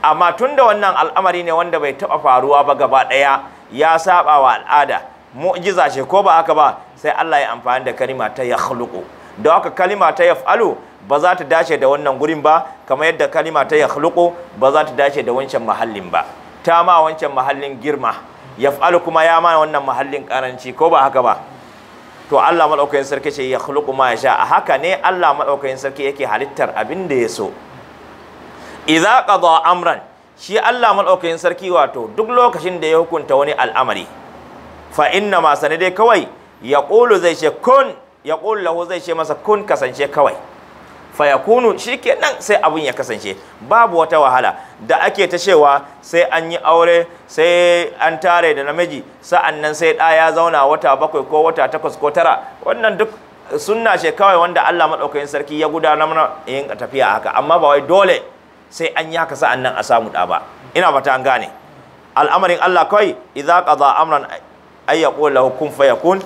amma tun da wannan al'amari ne wanda bai taɓa faruwa ba gaba ɗaya ya saba wa al'ada mu'jiza ce ko ba haka ba sai Allah ya amfani da kalima ta yakhluqu da haka kalima ta ya yaf'alu ba za ta dace da wannan gurin ba kamar yadda kalima ta yakhluqu ba za ta dace da wancan mahallin ba ta ma wancan mahallin girma yaf'alu kuma ya ma wannan mahallin karanci ko ba haka ba to Allah madaukakin sarki ce yakhluqu ma yasha haka ne Allah madaukakin sarki yake halittar abin da ya so idza qada amran shi Allah madaukakin sarki wato duk lokacin da ya hukunta wani al'amari fa inna ma sanade kawai yaqulu zai ce kun yaqulu lahu zai ce masa kun kasance kawai fayakunu shikenan sai abun ya kasance babu wata wahala da ake ta cewa sai an yi aure sai an tare da namiji sa'annan sai ɗa ya zauna wata bakwai ko wata takwas ko tara wannan duk sunna ce kawai wanda Allah maɗaukakin sarki ya gudana mana yin tafiya haka amma ba wai dole sai an yi haka sa'an nan a samu ɗa ba ina bata an gane al'amarin Allah kawai idza qada amran ay lahu kun fayakun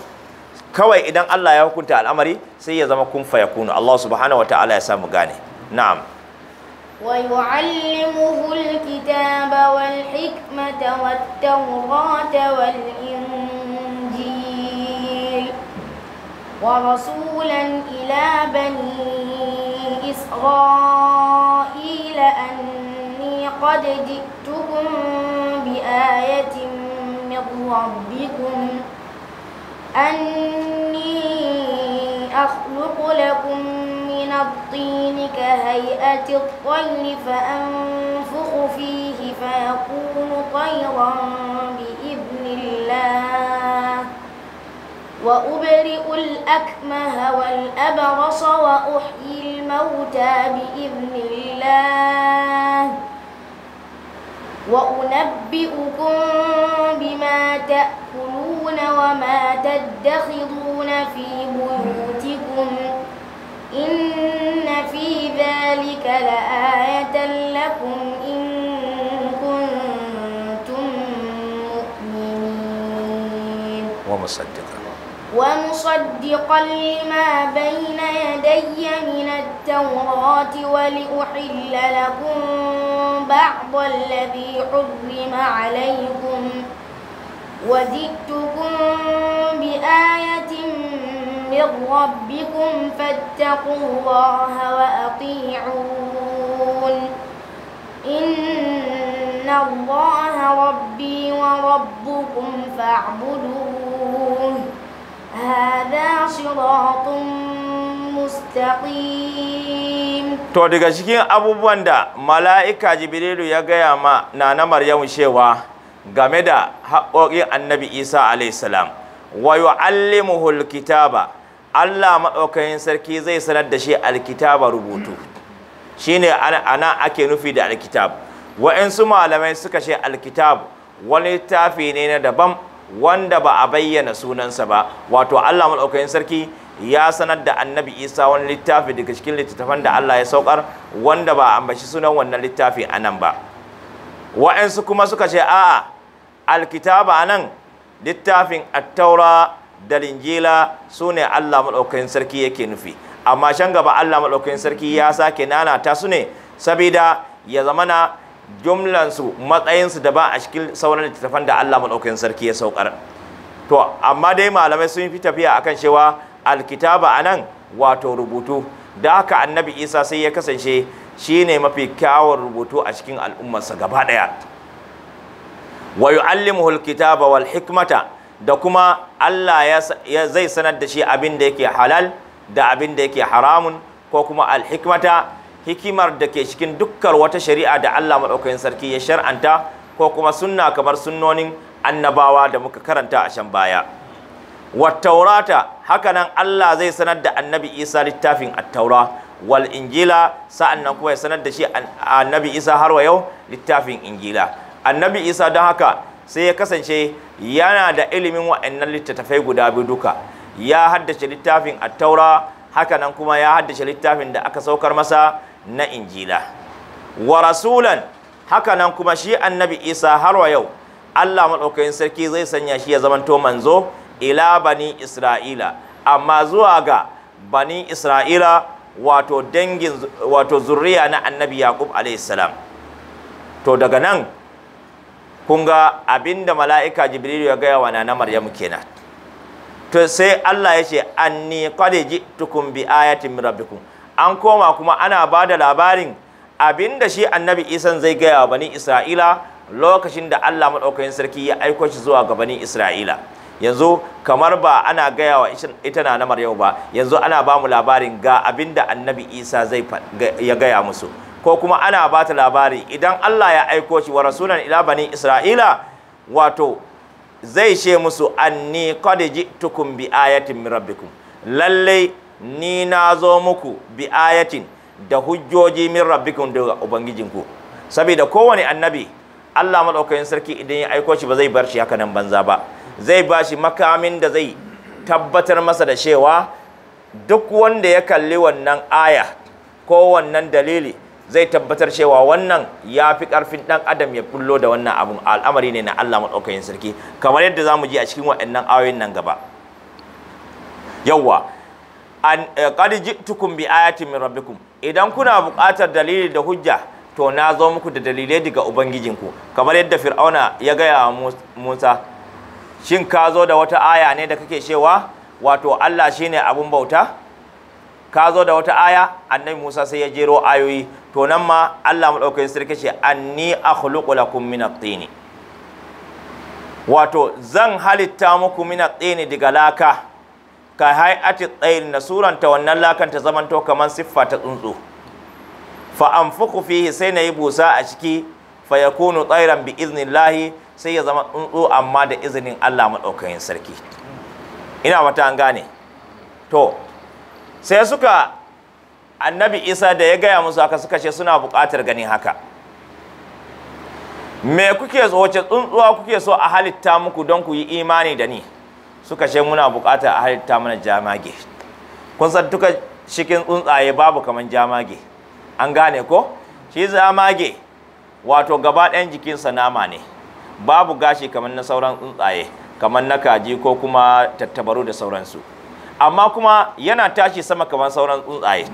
kawai idan Allah ya hukunta al'amari sai ya zama kun fayakunu Allah subhanahu wataala ya samu gane na'am wa yu'allimuhu alkitaba wal hikmata wat tawrata wal injil wa rasulan ila bani isra'ila anni qad ji'tukum bi ayatin min rabbikum أني أخلق لكم من الطين كهيئة الطير فأنفخ فيه فيكون طيرا بإذن الله وأبرئ الأكمه والأبرص وأحيي الموتى بإذن الله وأنبئكم بما تأكلون تأكلون وما تدخرون في بيوتكم إن في ذلك لآية لكم إن كنتم مؤمنين ومصدقا ومصدقا لما بين يدي من التوراة ولأحل لكم بعض الذي حرم عليكم وزدتكم بآية من ربكم فاتقوا الله وأطيعون إن الله ربي وربكم فاعبدوه هذا صراط مستقيم to daga ابو abubuwan ملائكه جبريل jibrilu ya gaya ma nana game da haƙoƙin annabi isa alaihissalam wayo yu'allimuhu alkitaba allah maɗaukakin sarki zai sanar da shi alkitaba rubutu shine ana ake nufi da alkitab wa'insu malamai suka ce alkitab wani littafi ne na daban wanda ba a bayyana sunansa ba wato allah maɗaukakin sarki ya sanar da annabi isa wani littafi daga cikin littattafan da allah ya saukar wanda ba a ambaci sunan wannan littafi a nan ba wa'insu kuma suka ce a'a alkitaba anan littafin attaura da linjila su ne Allah maɗaukakin sarki yake nufi amma shan gaba Allah maɗaukakin sarki ya sake nanata su ne sabida ya zamana jumlansu matsayinsu da ba a cikin sauran littattafan da Allah maɗaukakin sarki ya saukar to amma dai malamai sun fi tafiya akan cewa alkitaba anan wato rubutu da haka annabi isa sai ya kasance shine mafi kyawun rubutu a cikin al'ummarsa gaba ɗaya wa yu'allimuhu alkitaba wal hikmata da kuma Allah ya zai sanar da shi abin da yake halal da abin da yake haramun ko kuma al hikmata hikimar da ke cikin dukkan wata shari'a da Allah madaukakin sarki ya shar'anta ko kuma sunna kamar sunnonin annabawa da muka karanta a shan baya wa taurata hakanan Allah zai sanar da annabi Isa littafin at wal injila sa'annan kuma ya sanar da shi annabi Isa har wa yau littafin injila annabi isa don haka sai ya kasance yana da ilimin wa'annan littattafai guda biyu duka ya haddace littafin attaura haka nan kuma ya haddace littafin da aka saukar masa na injila wa rasulan hakanan kuma shi annabi isa har wa yau allah maɗaukakin sarki zai sanya shi ya zamanto manzo ila bani isra'ila amma zuwa ga bani isra'ila wato dangin wato zurriya na annabi yaqub alayhi to daga nan kun ga abinda mala'ika jibrilu ya gaya wa na maryamu kenan to sai Allah ya ce anni qad ji'tukum bi ayatin min an koma kuma ana ba da labarin abinda shi annabi Isa zai gaya wa bani Isra'ila lokacin da Allah madaukakin sarki ya aiko shi zuwa ga bani Isra'ila yanzu kamar ba ana gaya wa ita na na Maryam ba yanzu ana ba mu labarin ga abinda annabi Isa zai ya gaya musu ko kuma ana ba ta labari idan Allah ya aiko shi wa rasulan ila bani Isra'ila wato zai ce musu anni qad ji'tukum bi ayatin min rabbikum lalle ni na zo muku bi ayatin da hujjoji min rabbikum daga ubangijinku saboda kowane annabi Allah madaukakin sarki idan ya aiko shi ba zai bar shi haka nan banza ba zai ba shi makamin da zai tabbatar masa da cewa duk wanda ya kalli wannan aya ko wannan dalili zai tabbatar cewa wannan ya fi ƙarfin ɗan adam ya bullo da wannan abun al'amari ne na Allah maɗaukakin sarki kamar yadda za mu ji a cikin waɗannan ayoyin nan gaba yawwa an eh, qad ji'tukum bi ayatin min rabbikum idan kuna buƙatar dalili da hujja to na zo muku da dalilai daga ubangijinku kamar yadda fir'auna ya gaya wa Musa shin ka zo da wata aya ne da kake cewa wato Allah shine abun bauta ka zo da wata aya annabi Musa sai ya jero ayoyi to nan ma Allah madaukakin sarki ce anni akhluqu lakum min at wato zan halitta muku min at-tin daga laka ka hay'ati ati tsayin na suranta wannan lakan ta zamanto kamar siffa ta tsuntsu fa anfuku fihi sai nayi busa a ciki fa yakunu tsairan bi lahi sai ya zama tsuntsu amma da izinin Allah madaukakin sarki ina wata an gane to sai suka annabi isa da ya gaya musu haka suka ce suna buƙatar gani haka me kuke so wace tsuntsuwa kuke so a halitta muku don ku yi imani da ni suka ce muna buƙatar a halitta mana jamage kun san duka cikin tsuntsaye babu kaman jamage an gane ko shi jamage wato gaba ɗayan jikinsa nama ne babu gashi kamar na sauran tsuntsaye kamar na kaji ko kuma tattabaru da sauransu amma kuma yana tashi sama kamar sauran tsuntsaye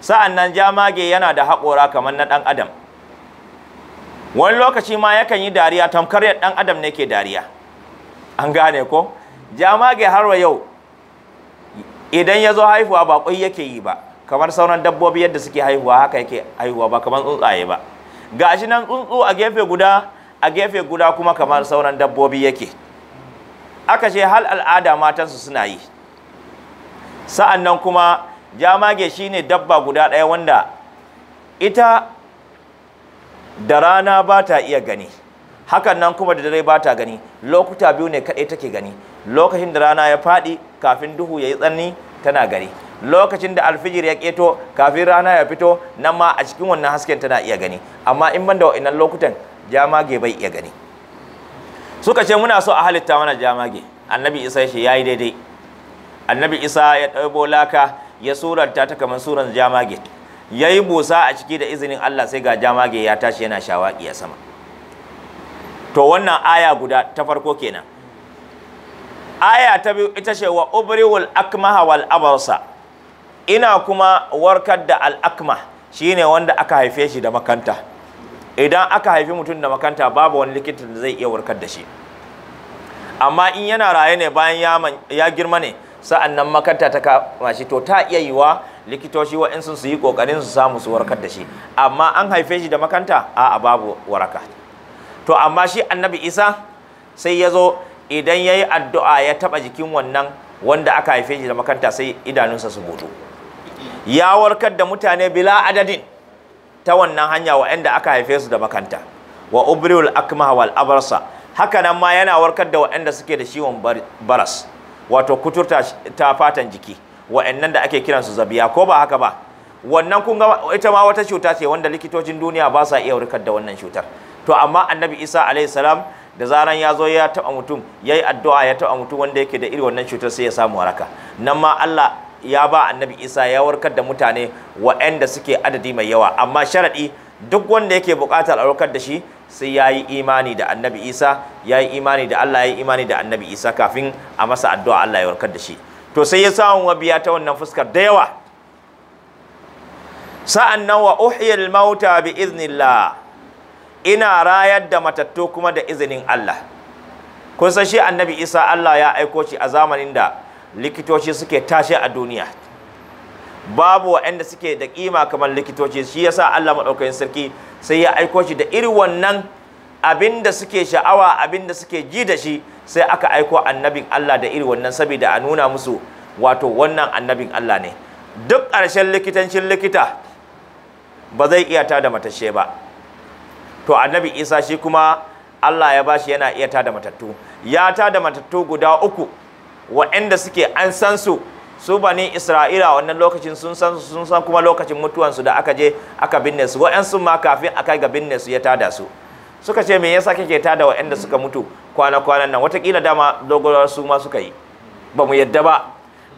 sa'an nan jamage yana da haƙora kamar na ɗan adam wani lokaci ma yakan yi dariya tamkar ɗan adam ne ke dariya an gane ko jamage har wa yau idan ya zo haihuwa ba ƙwai yake yi ba kamar sauran dabbobi yadda suke haihuwa haka yake haihuwa ba kamar tsuntsaye ba gashi nan tsuntsu a gefe guda a gefe guda kuma kamar sauran dabbobi yake aka ce hal al'ada matansu suna yi sa'an nan kuma jamage shine dabba guda ɗaya wanda ita da rana ba ta iya gani hakan nan kuma da dare ba ta gani lokuta biyu ne kaɗai take gani lokacin da rana ya faɗi kafin duhu ya yi tsanni tana gani lokacin da alfijir ya keto kafin rana ya fito nan ma a cikin wannan hasken tana iya gani amma in ban da wa'innan lokutan jamage bai iya gani suka ce muna so a halitta mana jamage annabi isa shi ya yi daidai annabi isa ya ɗaibo laka ya surarta ta kamar suran jamage ya yi busa a ciki da izinin allah sai ga jamage ya tashi yana shawaki ya sama to wannan aya guda ta farko kenan aya ta biyu ita ce wa ubriwul akmaha wal abarsa ina kuma warkar da al akma shine wanda aka haife shi da makanta idan aka haifi mutum da makanta babu wani likitan da zai iya warkar da shi amma in yana raye ne bayan ya girma ne sa'an nan makanta ta kama shi to ta iya yiwa likitoci wa'insu su yi kokarin su samu su warkar da shi amma an haife shi da makanta a babu waraka to amma shi annabi isa sai ya zo idan ya yi addu'a ya taɓa jikin wannan wanda aka haife shi da makanta sai idanunsa su budu ya warkar da mutane bila adadin ta wannan hanya wa'anda aka haife su da makanta wa ubriul akmawal wal abarsa haka nan ma yana warkar da wa'anda suke da ciwon baras wato kuturta ta fatan jiki wa'annan da ake kiransu zabiya ko ba haka ba wannan kun ga ita ma wata cuta ce wanda likitocin duniya ba sa iya warkar da wannan cutar to amma annabi isa alaihi salam da zaran ya zo ya taɓa mutum ya yi addu'a ya taɓa mutum wanda yake da iri wannan cutar sai ya samu waraka nan ma Allah ya ba annabi isa ya warkar da mutane wa'anda suke adadi mai yawa amma sharaɗi duk wanda yake buƙatar aukar da shi sai ya yi imani da annabi isa ya yi imani da allah ya yi imani da annabi isa kafin a masa addu'a allah ya warkar da shi to sai ya samu mabiya ta wannan fuskar da yawa sa'an nan wa uhiyar mauta bi iznillah ina rayar da matattu kuma da izinin allah kun san shi annabi isa allah ya aiko shi a zamanin da likitoci suke tashe a duniya babu waɗanda suke da kima kamar likitoci shi yasa Allah maɗaukakin sarki sai ya aiko shi da irin wannan abin da suke sha'awa abin da suke ji da shi sai aka aiko annabin Allah da irin wannan saboda a nuna musu wato wannan annabin Allah ne duk ƙarshen likitancin likita ba zai iya tada matashe ba to annabi Isa shi kuma Allah ya bashi yana iya tada matattu ya tada matattu guda uku waɗanda suke an san su su bani isra'ila wannan lokacin sun san sun san kuma lokacin mutuwansu da aka je aka binne su wa'yansu ma kafin a kai ga binne su ya tada su suka ce me yasa kake tada wa'yanda suka mutu kwana kwanan nan watakila dama dogorawar su ma suka yi ba mu yadda ba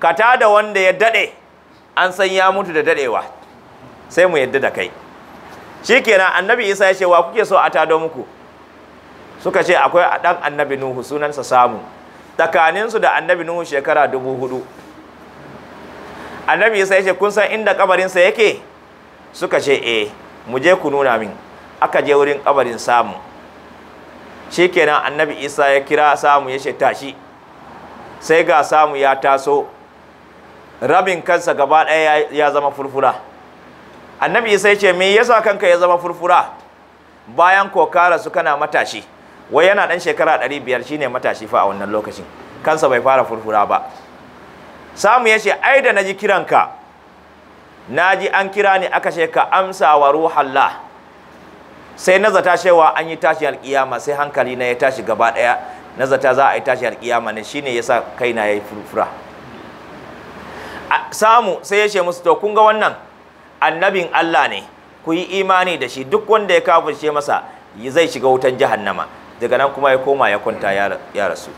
ka tada wanda ya dade an san ya mutu da dadewa sai mu yadda da kai shikenan annabi isa ya ce wa kuke so a tado muku suka ce akwai dan annabi nuhu sunansa samu tsakaninsu da annabi nuhu shekara dubu hudu annabi isa ce kun san inda kabarinsa yake suka ce eh mu je ku nuna min aka je wurin kabarin samu shikenan annabi isa ya kira samu ya tashi sai ga samu ya taso rabin kansa gaba ɗaya ya zama furfura annabi isa ya ce me yasa kanka ya zama furfura bayan kokara su kana matashi wai yana ɗan shekara 500 shine matashi fa a wannan lokacin kansa bai fara furfura ba samu ya ce ai da na naji kiranka naji an kira ni aka ce ka amsa wa ruhallah sai nazata cewa an yi tashi alkiyama sai hankali na ya tashi gaba daya nazata za a yi tashi alkiyama ne shine yasa kaina yayi furfura samu sai ya ce musu to kun ga wannan annabin Allah ne ku yi imani da shi duk wanda ya kafirce masa zai shiga wutan jahannama daga nan kuma ya koma ya kwanta ya rasu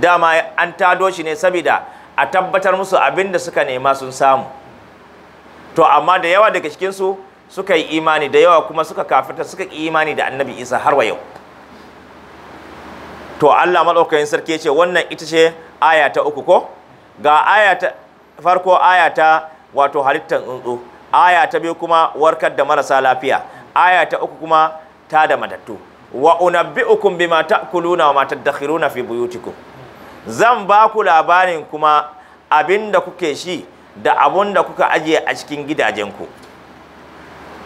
dama an tado shi ne saboda a tabbatar musu abin da suka nema sun samu to amma da yawa daga cikinsu suka yi imani da yawa kuma suka kafita suka yi imani da annabi isa har wa yau to allah maɗaukakin sarki ce wannan ita ce aya uku ko ga aya farko aya ta wato halittar tsuntsu aya ta biyu kuma warkar da marasa lafiya aya ta uku kuma ta da matattu wa unabbi'ukum bima ta'kuluna wa ma tadakhiruna fi buyutikum zan ba ku labarin kuma abin da kuke shi da abun da kuka ajiye a cikin gidajenku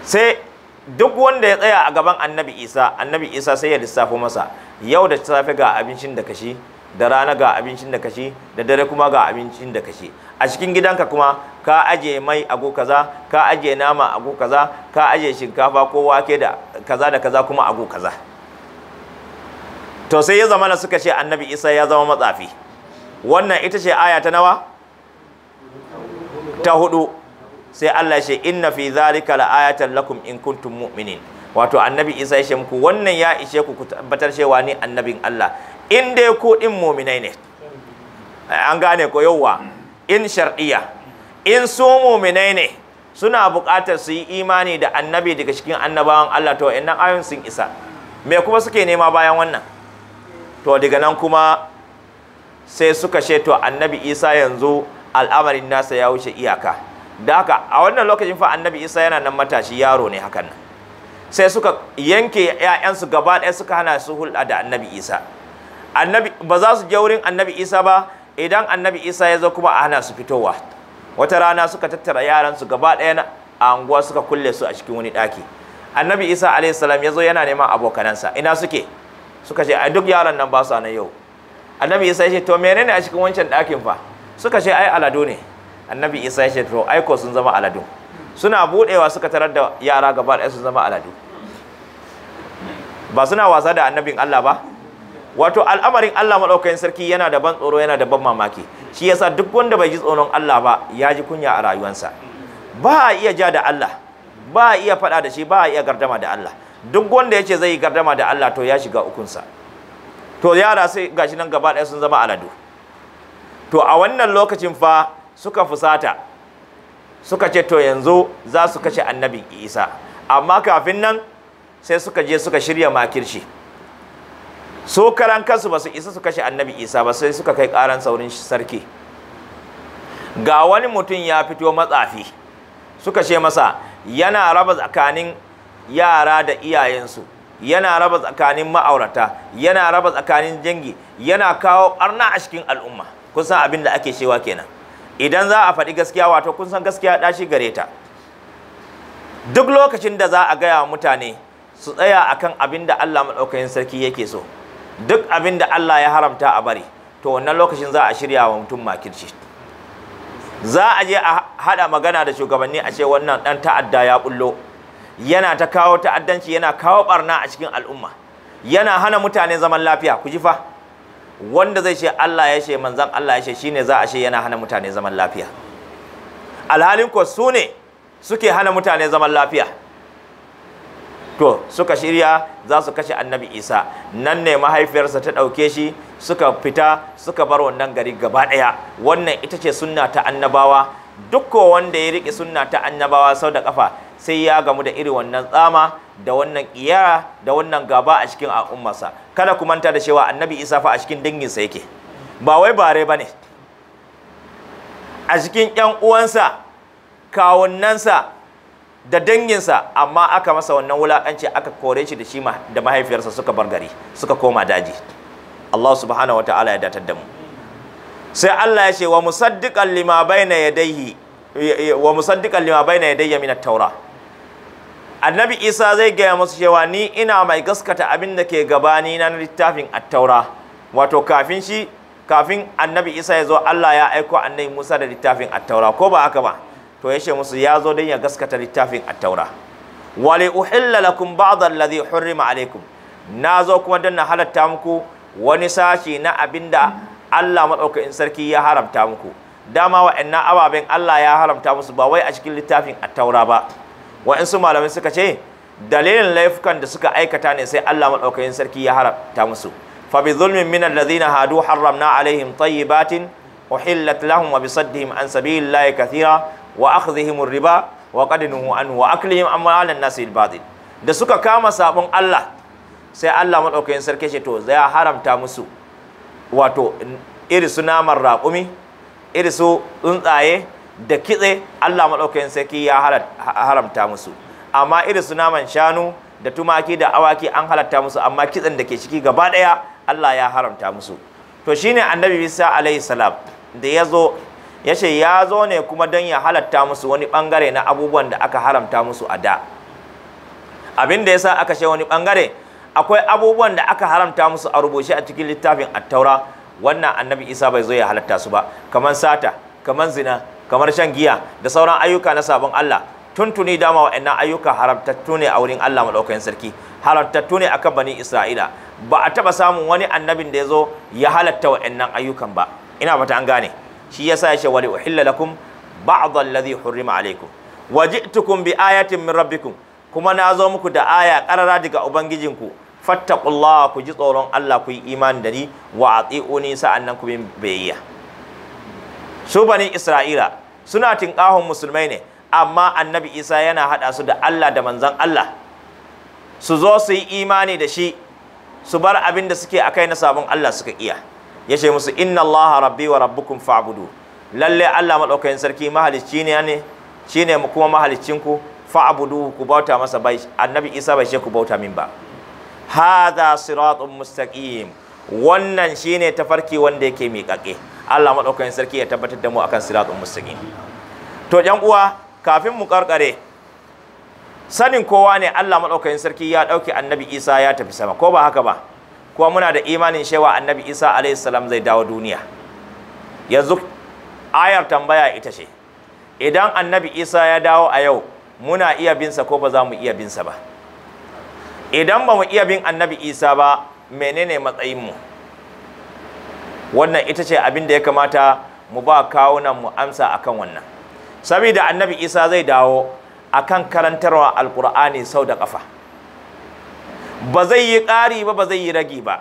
sai duk wanda ya tsaya a gaban annabi isa annabi isa sai ya lissafo masa yau da safe ga abincin da kashi da rana ga abincin da kashi da dare kuma ga abincin da kashi a cikin gidanka kuma ka ajiye mai ago kaza ka ajiye nama ago kaza ka ajiye shinkafa ko wake da kaza da kaza kuma ago kaza to sai ya zama suka ce annabi isa ya zama matsafi wannan ita ce aya ta nawa ta hudu sai Allah ya ce inna fi zalika ayatan lakum in kuntum mu'minin wato annabi isa ya ce muku wannan ya ishe ku ku tabbatar cewa ni annabin Allah in dai ku din mu'minai ne an gane ko yauwa in shar'iyya in su mu'minai ne suna buƙatar su yi imani da annabi daga cikin annabawan Allah to wa'annan ayoyin sun isa me kuma suke nema bayan wannan to daga nan kuma sai suka ce to annabi isa yanzu al'amarin nasa ya wuce iyaka da haka a wannan lokacin fa annabi isa yana nan matashi yaro ne hakan nan sai suka yanke 'ya'yansu gaba ɗaya suka hana su hulɗa da annabi isa ba za su je wurin annabi isa ba idan annabi isa ya zo kuma a hana su fitowa wata rana suka tattara yaransu gaba ɗaya a anguwa suka kulle su a cikin wani ɗaki annabi isa alayhi salam ya zo yana neman abokanansa ina suke suka ce a duk yaran nan ba sa na yau annabi isa ce to menene a cikin wancan dakin fa suka ce ai aladu ne annabi isa ce to aiko sun zama aladu suna buɗewa suka tarar da yara gaba ɗaya sun zama aladu ba suna wasa da annabin Allah ba wato al'amarin Allah maɗaukakin sarki yana da ban tsoro yana da ban mamaki shi yasa duk wanda bai ji tsoron Allah ba ya ji kunya a rayuwarsa ba a iya ja da Allah ba a iya faɗa da shi ba a iya gardama da Allah duk wanda yake zai gardama da Allah to ya shiga ukunsa to yara sai gashi nan gaba ɗaya sun zama aladu to a wannan lokacin fa suka fusata suka ce to yanzu za su kashe Annabi Isa amma kafin nan sai suka je suka shirya makirci so karan kansu ba su isa su kashe annabi Isa ba sai suka kai karan saurin sarki ga wani mutum ya fito matsafi suka ce masa yana raba tsakanin yara da iyayensu yana raba tsakanin ma'aurata yana raba tsakanin jangi yana kawo barna a cikin al'umma kun san abin da ake cewa kenan idan za a faɗi gaskiya wato kun san gaskiya ɗashi gare ta duk lokacin da za a gaya wa mutane su tsaya akan abin da Allah maɗaukakin sarki yake so duk abin da Allah ya haramta a bari to wannan lokacin za a shirya wa mutum makirci za a je a haɗa magana da shugabanni a ce wannan ɗan ta'adda ya bullo yana ta kawo ta'addanci yana kawo barna a cikin al'umma yana hana mutane zaman lafiya ku ji fa wanda zai ce Allah ya ce manzon Allah ya ce shine za a ce yana hana mutane zaman lafiya alhalin ko su ne suke hana mutane zaman lafiya to suka shirya za su kashe annabi isa nan ne mahaifiyarsa ta ɗauke shi suka fita suka bar wannan gari gaba ɗaya wannan ita ce sunna ta annabawa duk wanda ya riƙe sunna ta annabawa sau da ƙafa sai ya gamu da irin wannan tsama da wannan ƙiya da wannan gaba a cikin al'ummarsa kada ku manta da cewa annabi isa fa a cikin danginsa yake ba wai bare ba ne a cikin ƴan uwansa kawunnansa da danginsa amma aka masa wannan wulaƙanci aka kore shi da shi da mahaifiyarsa suka bar gari suka koma daji Allah subhanahu wa ta'ala ya datar da mu sai Allah ya ce wa musaddiqan lima bayna yadayhi wa musaddiqan lima bayna yadayya min at-taura annabi isa zai gaya masu cewa ni ina mai gaskata abin da ke gabani na littafin attaura wato kafin shi kafin annabi isa ya zo allah ya aiko annabi musa da littafin attaura ko ba haka ba to ya ce musu ya zo dan ya gaskata littafin attaura wali uhilla lakum ba'd alladhi hurrima alaikum na zo kuma don na halatta muku wani sashi na abinda allah madaukakin sarki ya haramta muku dama wa'annan ababen allah ya haramta musu ba wai a cikin littafin attaura ba wa'ansu malamai suka ce dalilin laifukan da suka aikata ne sai Allah maɗaukakin sarki ya haramta musu fa bi zulmin min alladhina hadu harramna alaihim tayyibatin uhillat lahum wa bisaddihim an sabilillahi kathira wa akhdhihim riba wa qad nuhu anhu wa aklihim amwalan nasi batil da suka kama sabon Allah sai Allah maɗaukakin sarki ce to ya haramta musu wato iri su naman raƙumi iri su tsuntsaye da kitse Allah maɗaukakin sarki ya haramta musu amma irin su naman shanu da tumaki da awaki an halatta musu amma kitsen da ke ciki gaba ɗaya Allah ya haramta musu to shine annabi Isa alaihi salam da ya zo ya ce ya zo ne kuma don ya halatta musu wani bangare na abubuwan da aka haramta musu a da abin da yasa aka ce wani bangare akwai abubuwan da aka haramta musu a rubuce a cikin littafin attaura wannan annabi isa bai zo ya halatta su ba kamar sata kamar zina kamar shan giya da sauran ayyuka na sabon Allah tuntuni dama wa'annan ayyuka haramtattu ne a wurin Allah madaukakin sarki haramtattu ne akan bani Isra'ila ba a taba samun wani annabin da ya zo ya halatta wa'annan ayyukan ba ina bata an gane shi yasa ya ce wali uhilla lakum ba'd alladhi hurrima alaykum waji'tukum bi ayatin min rabbikum kuma na zo muku da aya karara daga ubangijinku fattaqullaha ku ji tsoron Allah ku yi imani da ni wa ati'uni sa'annan ku bin biyayya su bani Isra'ila suna tinkahon musulmai ne amma annabi isa yana haɗa su da allah da manzan allah su zo su yi imani da shi su bar abin da suke akai na sabon allah suka iya ya ce musu inna allaha rabbi wa rabbukum fa'budu lalle allah maɗaukakin sarki mahalicci ne ne shine kuma mahaliccinku fa'budu ku bauta masa bai annabi isa bai ce ku bauta min ba hadha siratun mustaqim wannan shine tafarki wanda yake miƙaƙe Allah madaukakin sarki ya tabbatar da mu akan siratul mustaqim to yan uwa kafin mu karkare sanin kowa ne Allah madaukakin sarki ya ɗauki annabi Isa ya tafi sama ko ba haka ba kuma muna da imanin cewa annabi Isa alaihi salam zai dawo duniya yanzu ayar tambaya ita ce idan annabi Isa ya dawo a yau muna iya binsa ko ba za mu iya binsa ba idan ba mu iya bin annabi Isa ba menene matsayin mu wannan ita ce abin da ya kamata mu ba kawunan mu amsa akan wannan saboda annabi isa zai dawo akan karantarwa Alƙur'ani sau da kafa ba zai yi ƙari ba ba zai yi ragi ba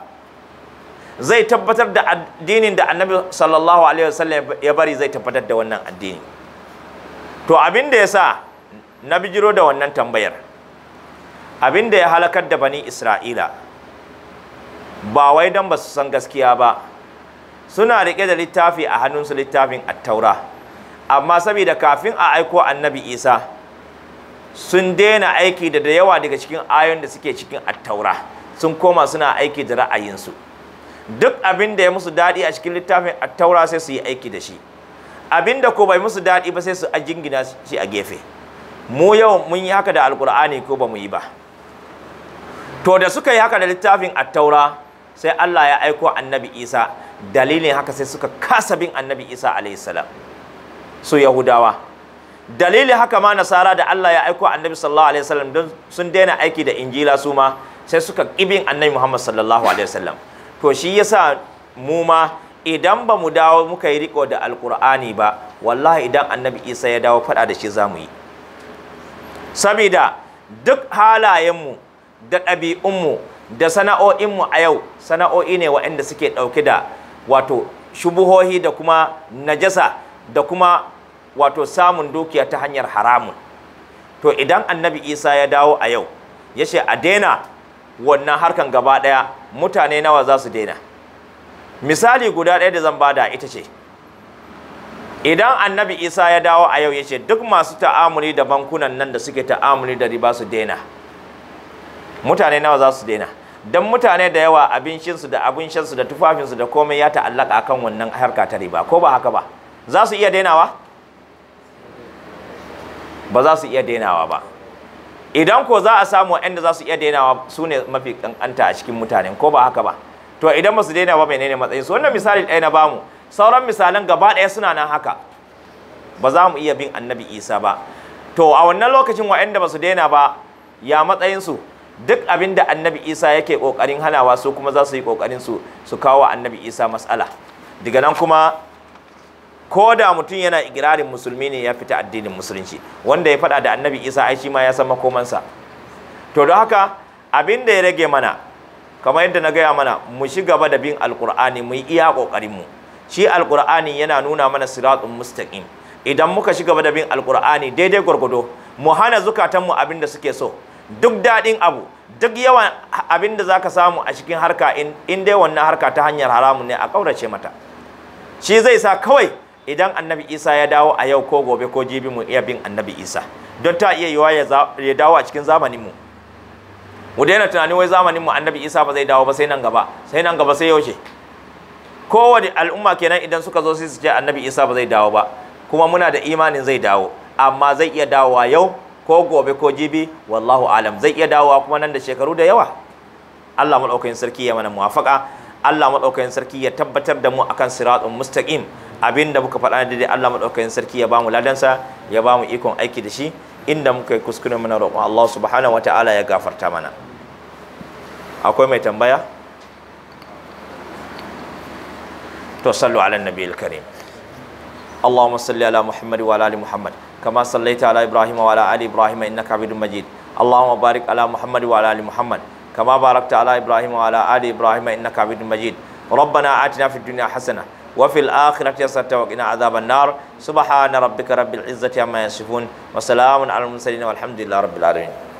zai tabbatar da addinin da annabi sallallahu alaihi wasallam ya bari zai tabbatar da wannan addini to abin da ya sa na bijiro da wannan tambayar abin da ya halakar da bani isra'ila ba wai don ba su san gaskiya ba suna riƙe da littafi a hannunsu littafin attaura amma saboda kafin a aiko annabi isa sun daina aiki da da yawa daga cikin ayon da suke cikin attaura sun koma suna aiki da ra'ayinsu duk abin da ya musu daɗi a cikin littafin attaura sai su yi aiki da shi abin da ko bai musu daɗi ba sai su ajingina shi a gefe mu yau mun yi haka da alkur'ani ko ba mu yi ba to da suka yi haka da littafin attaura sai allah ya aiko annabi isa dalilin haka sai suka kasa bin annabi isa alaihissalam su yahudawa dalilin haka ma nasara da allah ya aiko annabi sallallahu alaihi wasallam don sun daina aiki da injila su ma sai suka ƙibin annabi muhammad sallallahu alaihi wasallam to shi yasa mu ma idan ba mu dawo muka yi riko da alkur'ani ba wallahi idan annabi isa ya dawo faɗa da shi za mu yi sabida duk halayenmu da ɗabi'unmu da sana'o'inmu a yau sana'o'i ne waɗanda suke ɗauke da wato shubuhohi da kuma najasa da kuma wato samun dukiya ta hanyar haramun to idan annabi isa ya dawo a yau ya ce a daina wannan harkan gaba ɗaya mutane nawa za su daina misali guda ɗaya da zan bada ita ce idan annabi isa ya dawo a yau ya ce duk masu ta'amuli da bankunan nan da suke ta'amuli da riba su daina mutane nawa za su daina Don mutane da yawa abincinsu da abincinsu da tufafinsu da komai ya ta'allaka kan wannan harka ta riba ko ba haka ba za su iya dainawa ba za su iya dainawa ba idan ko za a samu waɗanda za su iya dainawa su ne mafi kankanta a cikin mutane. ko ba haka ba to idan ba su daina ba menene matsayin su wannan misali ɗaya na bamu sauran misalan gaba ɗaya suna nan haka ba za mu iya bin annabi isa ba to a wannan lokacin waɗanda ba su daina ba ya matsayinsu duk abin da annabi isa yake kokarin hanawa su kuma za su yi kokarin su su kawo annabi isa matsala daga nan kuma ko da mutum yana igirarin musulmi ne ya fita addinin musulunci wanda ya fada da annabi isa ai shi ma ya san makomansa to don haka abin da ya rage mana kamar yadda na gaya mana mu shi gaba da bin alkur'ani mu yi iya kokarin mu shi alkur'ani yana nuna mana siratun mustaqim idan muka shi gaba da bin alkur'ani daidai gwargwado mu hana zukatanmu abin da suke so duk daɗin abu duk yawan abin da zaka samu a cikin harka in dai wannan harka ta hanyar haramun ne a ƙaurace mata shi zai sa kawai idan annabi isa ya dawo a yau ko gobe ko jibi mu iya bin annabi isa don ta iya yiwa ya dawo a cikin zamaninmu mu daina tunanin wai zamaninmu annabi isa ba zai dawo ba sai nan gaba sai nan gaba sai yaushe kowane al'umma kenan idan suka zo sai su ce annabi isa ba zai dawo ba kuma muna da imanin zai dawo amma zai iya dawowa yau ko gobe ko jibi wallahu alam zai iya dawowa kuma nan da shekaru da yawa Allah madaukakin sarki ya mana muwafaka Allah madaukakin sarki ya tabbatar da mu akan siratun mustaqim abinda muka faɗa da dai Allah madaukakin sarki ya bamu ladansa ya bamu ikon aiki da shi inda muka yi kuskure muna roƙon Allah subhanahu wataala ya gafarta mana akwai mai tambaya to sallu ala nabiyil karim اللهم صل على محمد وعلى ال محمد كما صليت على ابراهيم وعلى ال ابراهيم انك حميد مجيد اللهم بارك على محمد وعلى ال محمد كما باركت على ابراهيم وعلى ال ابراهيم انك حميد مجيد ربنا آتنا في الدنيا حسنه وفي الآخرة حسنة وقنا عذاب النار سبحان ربك رب العزة عما يصفون وسلام على المرسلين والحمد لله رب العالمين